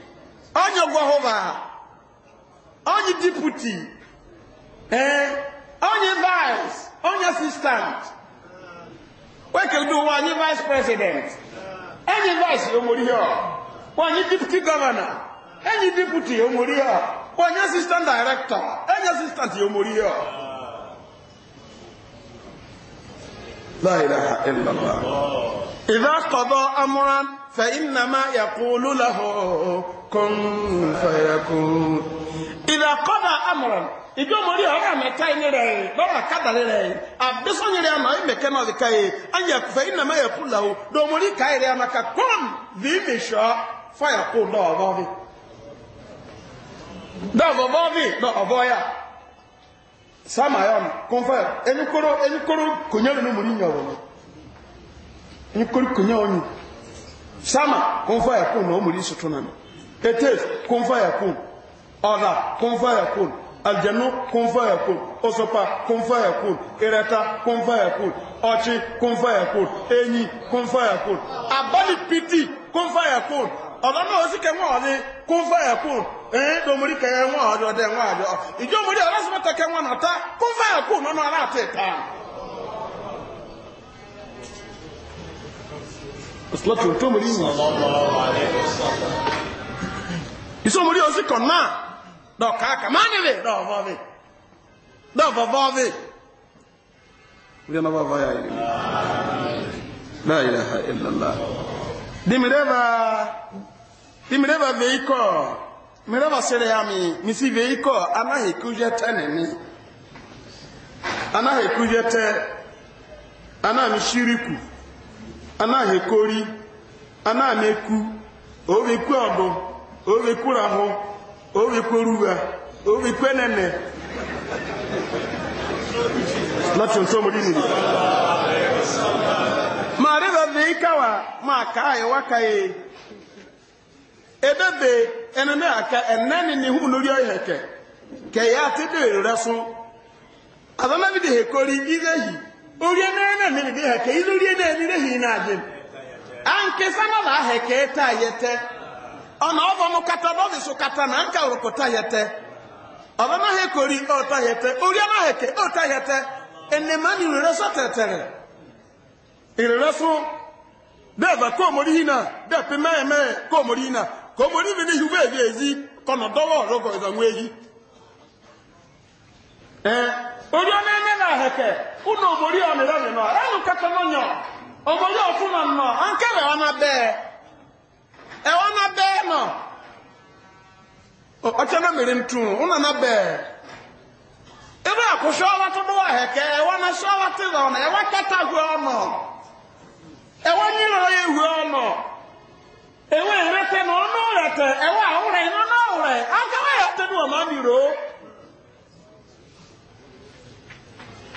Speaker 1: onye gwọhụba onye diputi ee eh, onye vice onye asistant wekeudo ụwa onye vice president onye vice omorihọ onye deputy governor onye deputy omorihọ onye assistant director onye assistant omorihọ لا إله إلا الله إذا قضى أمرا فإنما يقول له كن فيكون إذا قضى أمرا ìjọ mọ̀rí ọ̀rọ̀ àmẹ́ta ẹni rẹ̀ lọ́rọ̀ àkádàlẹ̀ rẹ̀ àbísọ́nyẹrẹ àmà ìmẹ̀kẹ́ náà ti káyé ayẹ̀kùfẹ́ ìnàmẹ́ ẹ̀kú làwọ̀ dọ̀mọ̀rí káyé rẹ̀ àmà ká kọ́m bí mi sọ fáyàkó lọ́ọ̀bọ́bí lọ́ọ̀bọ́bí lọ́ọ̀bọ́yà sàmáyọ̀n kọ́nfẹ́ ẹnikóró kònyẹ́rù ní mọ̀rí yàn wọ̀ sama kumfa yakun na umuri su tunana etes kumfa yakun ọ̀dà kumfa yakun aljanu kumfa yakun osopa kumfa yakun ireta kumfa yakun ọchị kumfa yakun enyi kumfa yakun abali piti kumfa yakun ọ̀dọ́ náà ó sì kẹ́ wọ́n ọ̀dí kúnfà ẹ̀kún ẹ̀yìn tó múrí kẹ́ wọ́n ọ̀dọ́ ọ̀dẹ́ wọ́n ọ̀dọ́ ìjọ́ múrí ọ̀dọ́ sì mọ́ta kẹ́ wọ́n ọ̀tá kúnfà ẹ̀kún nínú aláàtẹ̀ tàà ìsìlọ́tì tó mú rí yìí ìsọ́mú rí ọsí kan náà dọ̀ka kàmánìlè dọ̀fọ́fẹ́ dọ̀fọ́fọ́fẹ́ rí ọmọ bá báyà ìlú láìláha ìlàlá dìmìrẹ́bà veikọ̀ mìrẹ́bà sẹ́rẹ̀ àmì mìsí veikọ̀ anáhìkújẹ́ tẹ́ nìní anáhìkújẹ́ tẹ́ anáhìkújẹ́ tẹ́ anaghị ekori anaghị ekwu obekwe ọdụ obekwurahụ obekweruwa obekwenene láti ohun tí ó mọ̀ rí nìyí. Màá rí bàbá yìí káwà máa ká àyẹ̀wá káyé. Ebébè Ke ya ká ẹ̀nẹ́ni ni hù lórí ọ̀yẹ̀ kẹ̀. ihe orí na náà ní hẹ̀kẹ́ yìí lórí ẹnẹ́ ní rẹ̀hìn náà jẹ́ à ń ké sánábà hẹ̀kẹ́ tá a yẹtẹ́ ọ̀nà ọ̀bọ̀ mu kata bọ́ọ̀dì sọ kata náà ń ká òrùkọ tá a yẹtẹ́ ọ̀bẹ náà hẹ̀ kórì ó tá a yẹtẹ́ orí ẹnẹ́ hẹ̀kẹ́ ó tá a yẹtẹ́ ẹnẹ́mà ní ìrẹ̀rẹ́ sọ tẹ̀tẹ̀rẹ̀ ìrẹ̀rẹ́ Eh? onye na eme na aheke ụlọ omori ọnịrọ dị nọ enu katanọnyọ omori ọfụma nọ nke bụ ọna bee ewa eh, na bee nọ ọcha na mere ntu ụna na bee ebe a kwụsị ọwa tụbụ heke, ewa na sị ọwa tụrụ na ewa kata ọnụ ewe nyere onye hue ọnụ ewe erete na ọnụ rete ewa ahụrụ ịnọ na ọhụrụ akawa ya tụrụ ọma biro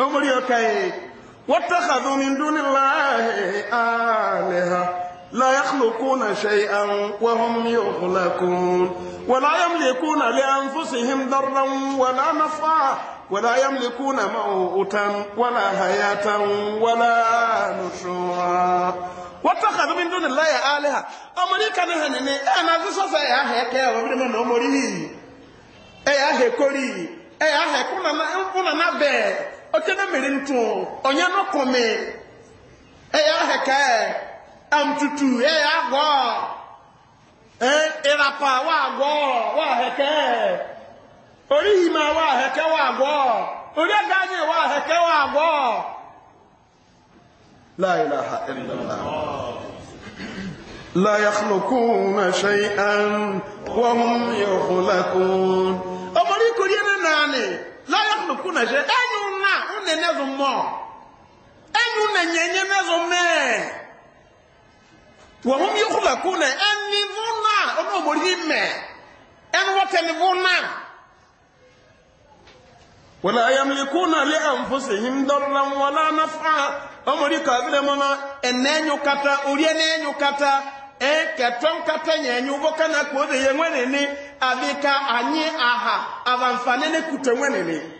Speaker 1: أمري واتخذوا من دون الله آلهة لا يخلقون شيئا وهم يخلقون ولا يملكون لأنفسهم ضرا ولا نفعا ولا يملكون موتا ولا حياة ولا نشورا واتخذوا من دون الله آلهة أمريكا نهنني أنا زي سوسا يا هيكا ومن أمري أي هيكوري يا هيكونا نبي ọjọ́ náà onye ntú ọ̀nyẹ́ náà kọ̀ mi ẹ̀yà ahẹ̀kẹ́ àmtutù ẹ̀yà wa ìrapà wa àgọ́ wà ahẹ̀kẹ́ wa ìmọ̀ e, wa ahẹ̀kẹ́ wà àgọ́ orí ẹ̀gáyé wà ahẹ̀kẹ́ láìláha ẹ̀lọ́lá láyàkùnlùkùn ṣe àn wọ́n yóò kùnlẹ̀kùn ọmọdé kò nukwu na je enyu na une nezo mo enyu na nyenye nezo me wa hum yukhlaquna enni vuna ono mori me en woten vuna ولا يملكون لانفسهم ضرا ولا نفعا omori kabile mama enenyu kata urie nenyu kata e keton kata nyenyu bokana ko be yenwe ni abika anyi aha avamfane ne kutenwe ni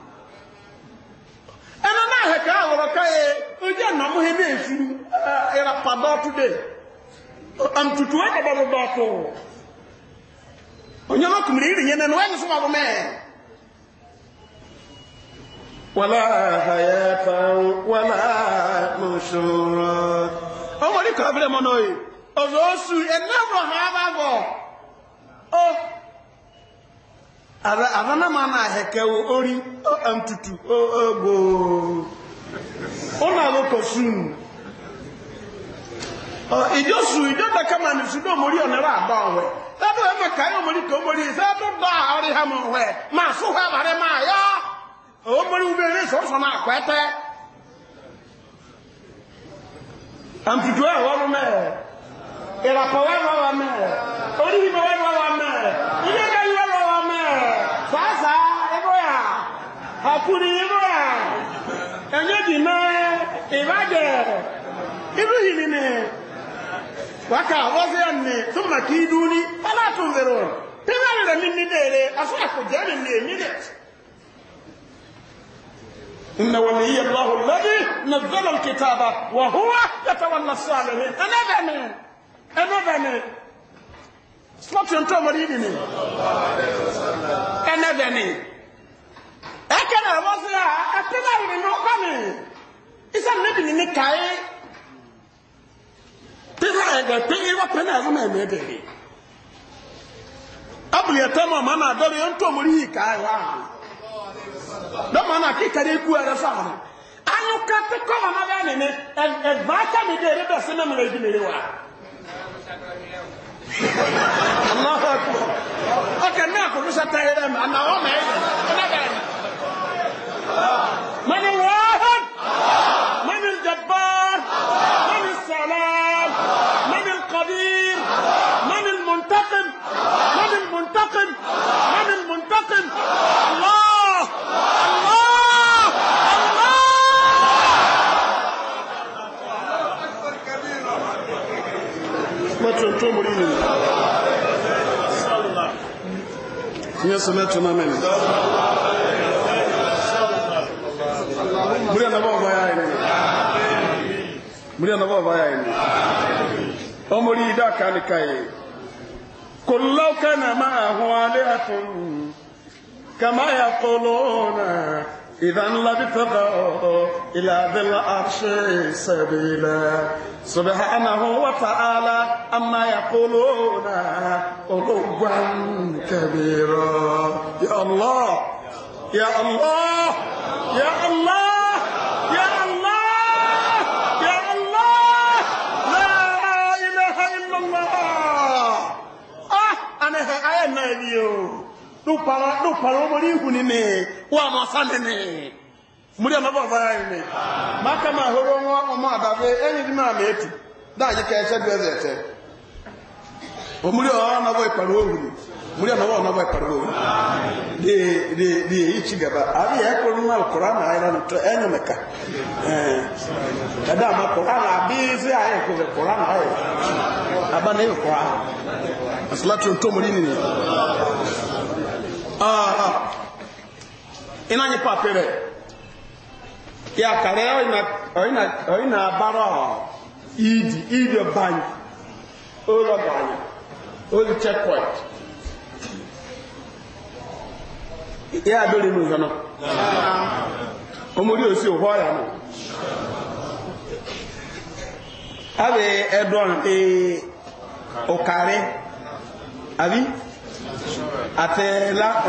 Speaker 1: ẹnu náà a àwọ̀rọ̀ káyẹ ojú ẹ̀nà mú hẹ́ náà fú ẹ̀rà pàdé ọ̀túndé àmtùtù ẹ̀ bàbá bàbá ọ̀tọ̀ onye ọkùnrin ìrìn yẹn nínú ẹ̀yìn súnmọ́ ọ̀bùnmẹ́ wàlá wàlá ọ ma na aheke ori amtutu ogbo ona lo kosun o ijo su ijo da kama ni su do mori ona ra ba owe ta e do e maka yo mori ko mori sa do da ori ha mo we ma su ha bare ma ya o mori u bere so so na kwete amtutu e wo me era pa wa wa me ori ni wa wa me ile ka yo àkúrí irọ́ à ẹ̀yẹ́ dì mẹ́ ìbàjẹ́ irú yìí ni ni wákà wọ́sẹ̀ ẹ̀nì tó mà kí dú ní ọlọ́tún zero pínlẹ̀ rẹ̀ ní ní dèrè aṣọ àkùjẹ́ ní ní èmi rẹ̀ إن ولي الله الذي نزل الكتاب وهو يتولى الصالحين أنا بني أنا بني سلطة أنتم مريدني أنا بني ɛkɛnɛ ɛwɔ se a ɛte na yiri no kɔmi isan ne bi ne na ɛdɛ pe ɛwɔ pe na ɛfɔ na ɛmɛ de ne abu yɛ tɛ na adɔri yɛ ntɔ yi wa na kika de gu ɛrɛ fa no anyi kɛtɛ na bɛ ne ne ɛgba mi de na mi wa.
Speaker 2: من
Speaker 1: الواحد من الجبار من السلام من القدير من المنتقم من المنتقم
Speaker 2: من المنتقم الله الله
Speaker 1: الله ما تنتم الله يا الله الله muri anababa yaini قل لو كان معه آلهة كما يقولون إلى ذي العرش سبيلا سبحانه وتعالى أما يقولون علوا
Speaker 2: كبيرا يا الله يا الله يا الله يا
Speaker 1: الله يا الله لا إله إلا الله آه أنا هاي نبيو dúpàrà dúpàrà ọmọ orí ìhùn ní ní wà mọ́ sáàmì ní múrí ọmọ bọ̀ fọ́ra ní máka máa hóró wọn ọmọ àbáfẹ́ ẹni dí máa mẹ́tù dáàjí muri ama wọn ọmọ ẹpẹrẹ wọn de de de eyi tsi gaba abi yɛ ɛkplɔ nu alukora na ayi la nu tɔ ɛnyɛ mɛ eh. ka ɛɛ ɛdá ama kora na abi se ayɛ ko bɛ kora na ayɛ aba ne yɛ kora asalatu ntomori nini aa ina nye papi rɛ ya kare ɔyina ɔyina ɔyina abara iidi iidi ɔbanyi ɔyɔ banyi ɔyɔ checkpoint. ya adori nu zana omori osi ohọ ya nọ abe ẹdọn ee ọkari abi àti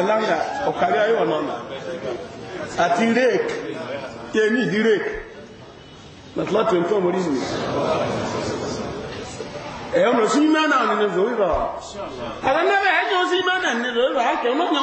Speaker 1: langa ayé wọn nọ àti rake yẹ rake lọtọlọtọ nǹkan omori sí ẹ̀yọ́ lọ sí mẹ́nà nínú ìzòwò ìrọ̀ àwọn ẹ̀yọ́ sí mẹ́nà nínú ìzòwò ìrọ̀ àkẹ́ ọlọ́nyà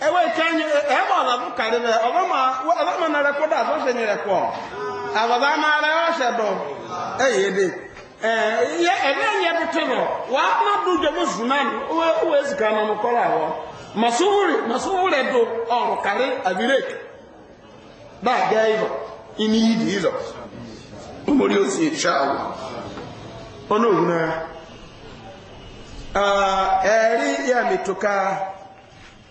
Speaker 1: ewe anyị ebe ọzọ karịrị ọzọma na rekọda azọ senyere kwọ abada maara ọsẹ dọ eyi Ee ihe ebe enye wa na njem zunan uwe uwe na mkpọrọ awọ masuwuri masuwuri do ọrụ karị abirek na-aga osi ya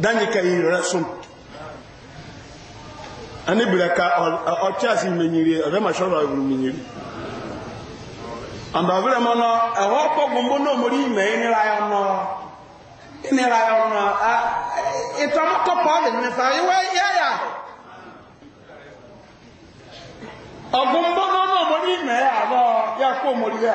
Speaker 1: danyi ka yi rẹ sùn anibira ka ọtí àti mmenyiri ọdẹ masọrọ ọdún mmenyiri ọdọ ọbẹrẹ mọ nọ ẹwọ ọkọ gbogbo náà mo rí ìmẹ yìí nira yọ nọ nira yọ nọ ìtọ́ mọ́tò pọ́ọ̀lì nípa ìwé yáyà ọgbọ́n náà mo rí ìmẹ yà yà kó mo rí yà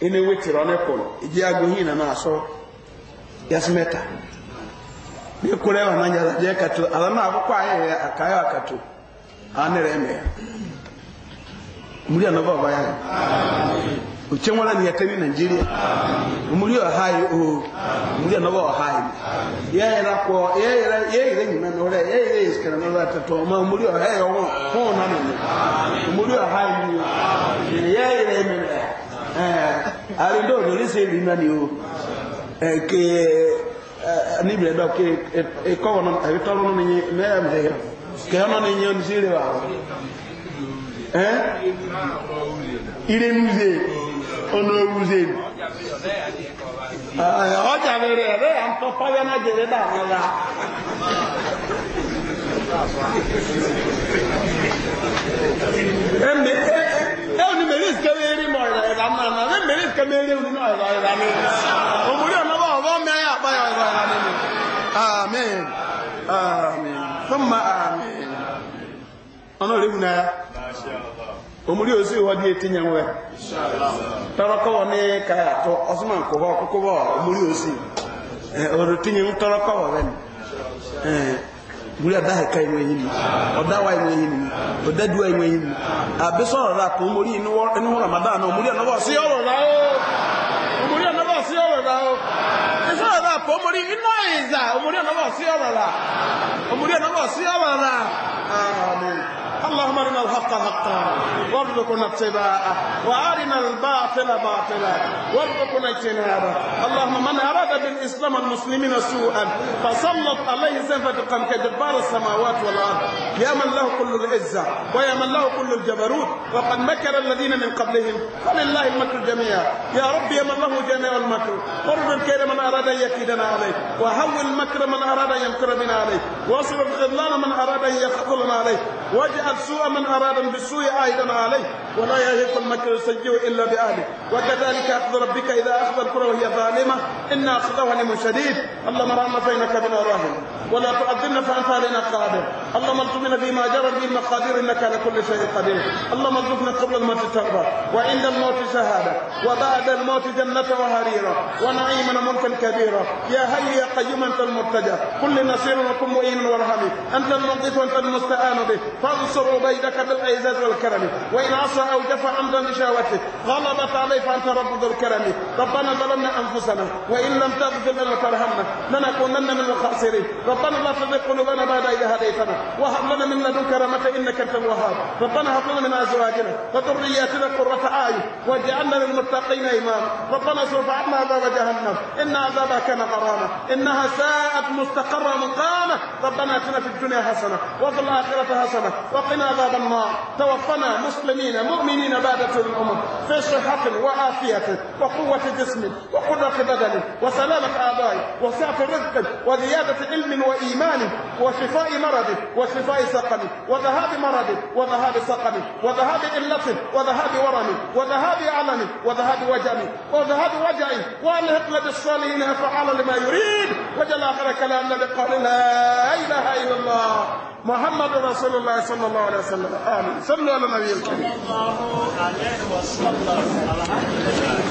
Speaker 1: ene wetiri ɔne kɔn edi agohi na na asɔ yasimɛta ne kura ɛwɔ n'anya la deɛ kato ala na akɔkɔ ayɛ yɛ akayɛ akato anere mɛ muri anaba ɔba yɛ okyɛn wala ni yɛtɛ ni nigeria muri ɔha yi o muri anaba ɔha yi yɛ yɛrɛ kɔ yɛ yɛrɛ yɛ yɛrɛ nyina na ɔrɛ yɛ yɛrɛ yɛ sikɛrɛ na ɔrɛ tɛtɔ ɔma muri ɔha yɛ ɔwɔ hɔn na nana muri ɔha yi ni yɛ yɛrɛ yɛ àrídò òdòrí sí èrí náà ni o ẹ̀kẹ́ níbi ẹ̀dọ́ kí ẹ̀kọ́wọ̀n ẹ̀rítọ́rọ̀ ní mẹ́rẹ̀mẹ́rẹ̀ kẹ́ọ̀nà ní yẹn ní sí rẹ̀ wà ẹ́
Speaker 2: ìrẹ́núzẹ̀ ọ̀nà òwúzẹ̀ ọjà rere ẹ̀rẹ́ à ń tọ́
Speaker 1: fáwọn ajẹ́rẹ́ náà wọ́n ra ẹ̀mẹ́ mẹ́rìsìkẹ́ mẹ́rin mọ̀ ẹ̀rọ ẹ̀rọ náà ní mẹ́rìsìkẹ́ mẹ́rin òní náà ẹ̀rọ ẹ̀rọ ní òmùrí ọ̀nàbọ̀ ọ̀bọ̀ mẹ́rin àpáyọ ẹ̀rọ ẹ̀rọ ní mi amen amen fúnma amen ọ̀nà òrí wùnà ya òmùrí òsì ìwọ́dí etí yẹn wẹ̀ tọrọkọ̀wọ̀ ní kayàtọ̀ ọ̀sùnmọ̀ nkọ̀bọ̀ kókó buri ada heka inwe hini oda wa inwe hini oda duwa inwe hini abe sọrọ ra ko mori inu inu ramadan omori anaba si ọrọ ra o omori anaba si ọrọ ra o sọrọ ra ko mori inu iza omori anaba si ọrọ ra omori anaba si ọrọ ra amen. اللهم ارنا الحق حقا وارزقنا اتباعه وارنا الباطل باطلا وارزقنا اجتنابه اللهم من اراد بالاسلام والمسلمين سوءا فسلط عليه سيفا تقام كجبار السماوات والارض يا من له كل العزه ويا من له كل الجبروت وقد مكر الذين من قبلهم فلله المكر جميعا يا رب يا من له جميع المكر ارد الكيد من اراد ان يكيدنا عليه وهول المكر من اراد ان يمكر بنا عليه واصرف خذلان من أراد أن يخذلنا عليه واجعل سوء من أراد بالسوء عائدا عليه ولا يهيق المكر السيء إلا بأهله وكذلك أخذ ربك إذا أخذ الكرة وهي ظالمة إن أخذه لم شديد اللهم رحمة بينك بنا راهب ولا تعذبنا في امثالنا قادر اللهم ارزقنا فيما جرى به المقادير إنك على كل شيء قدير اللهم ارزقنا قبل الموت توبة وعند الموت شهادة وبعد الموت جنة وهريرا ونعيما ملكا كبيرا يا هل يا قيوم أنت المرتجى كل نصير وكن مؤين وارحمي أنت المنقذ وأنت المستعان به فانصر عبيدك بالعزاز والكرم وإن عصى أو جفى عمدا بشهوته غلبت عليه فأنت رب ذو الكرم ربنا ظلمنا أنفسنا وإن لم تغفر لنا وترحمنا لنكونن من الخاسرين رب ربنا لا تزغ قلوبنا بعد إذا هديتنا وهب لنا من لدنك رحمة إنك أنت الوهاب ربنا هب لنا من أزواجنا وذرياتنا قرة أعين واجعلنا للمتقين إماما ربنا اصرف عنا عذاب جهنم إن عذابها كان غراما إنها ساءت مستقرا مقاما ربنا آتنا في الدنيا حسنة وفي الآخرة حسنة وقنا عذاب النار توفنا مسلمين مؤمنين بعد طول العمر في صحة وعافية وقوة جسم وقدرة بدن وسلامة آبائي وسعة رزق وزيادة علم وإيمانه وشفاء مرضه وشفاء سقمه وذهاب مرضه وذهاب سقمه وذهاب إلته وذهاب ورمه وذهاب علمه وذهاب وجمه وذهاب وجعه وأن يقلد الصالحين فعل لما يريد وجل آخر كلام الذي قال لا إله إلا الله محمد رسول الله صلى الله عليه وسلم آمين صلى الله عليه وسلم
Speaker 2: صلى الله عليه وسلم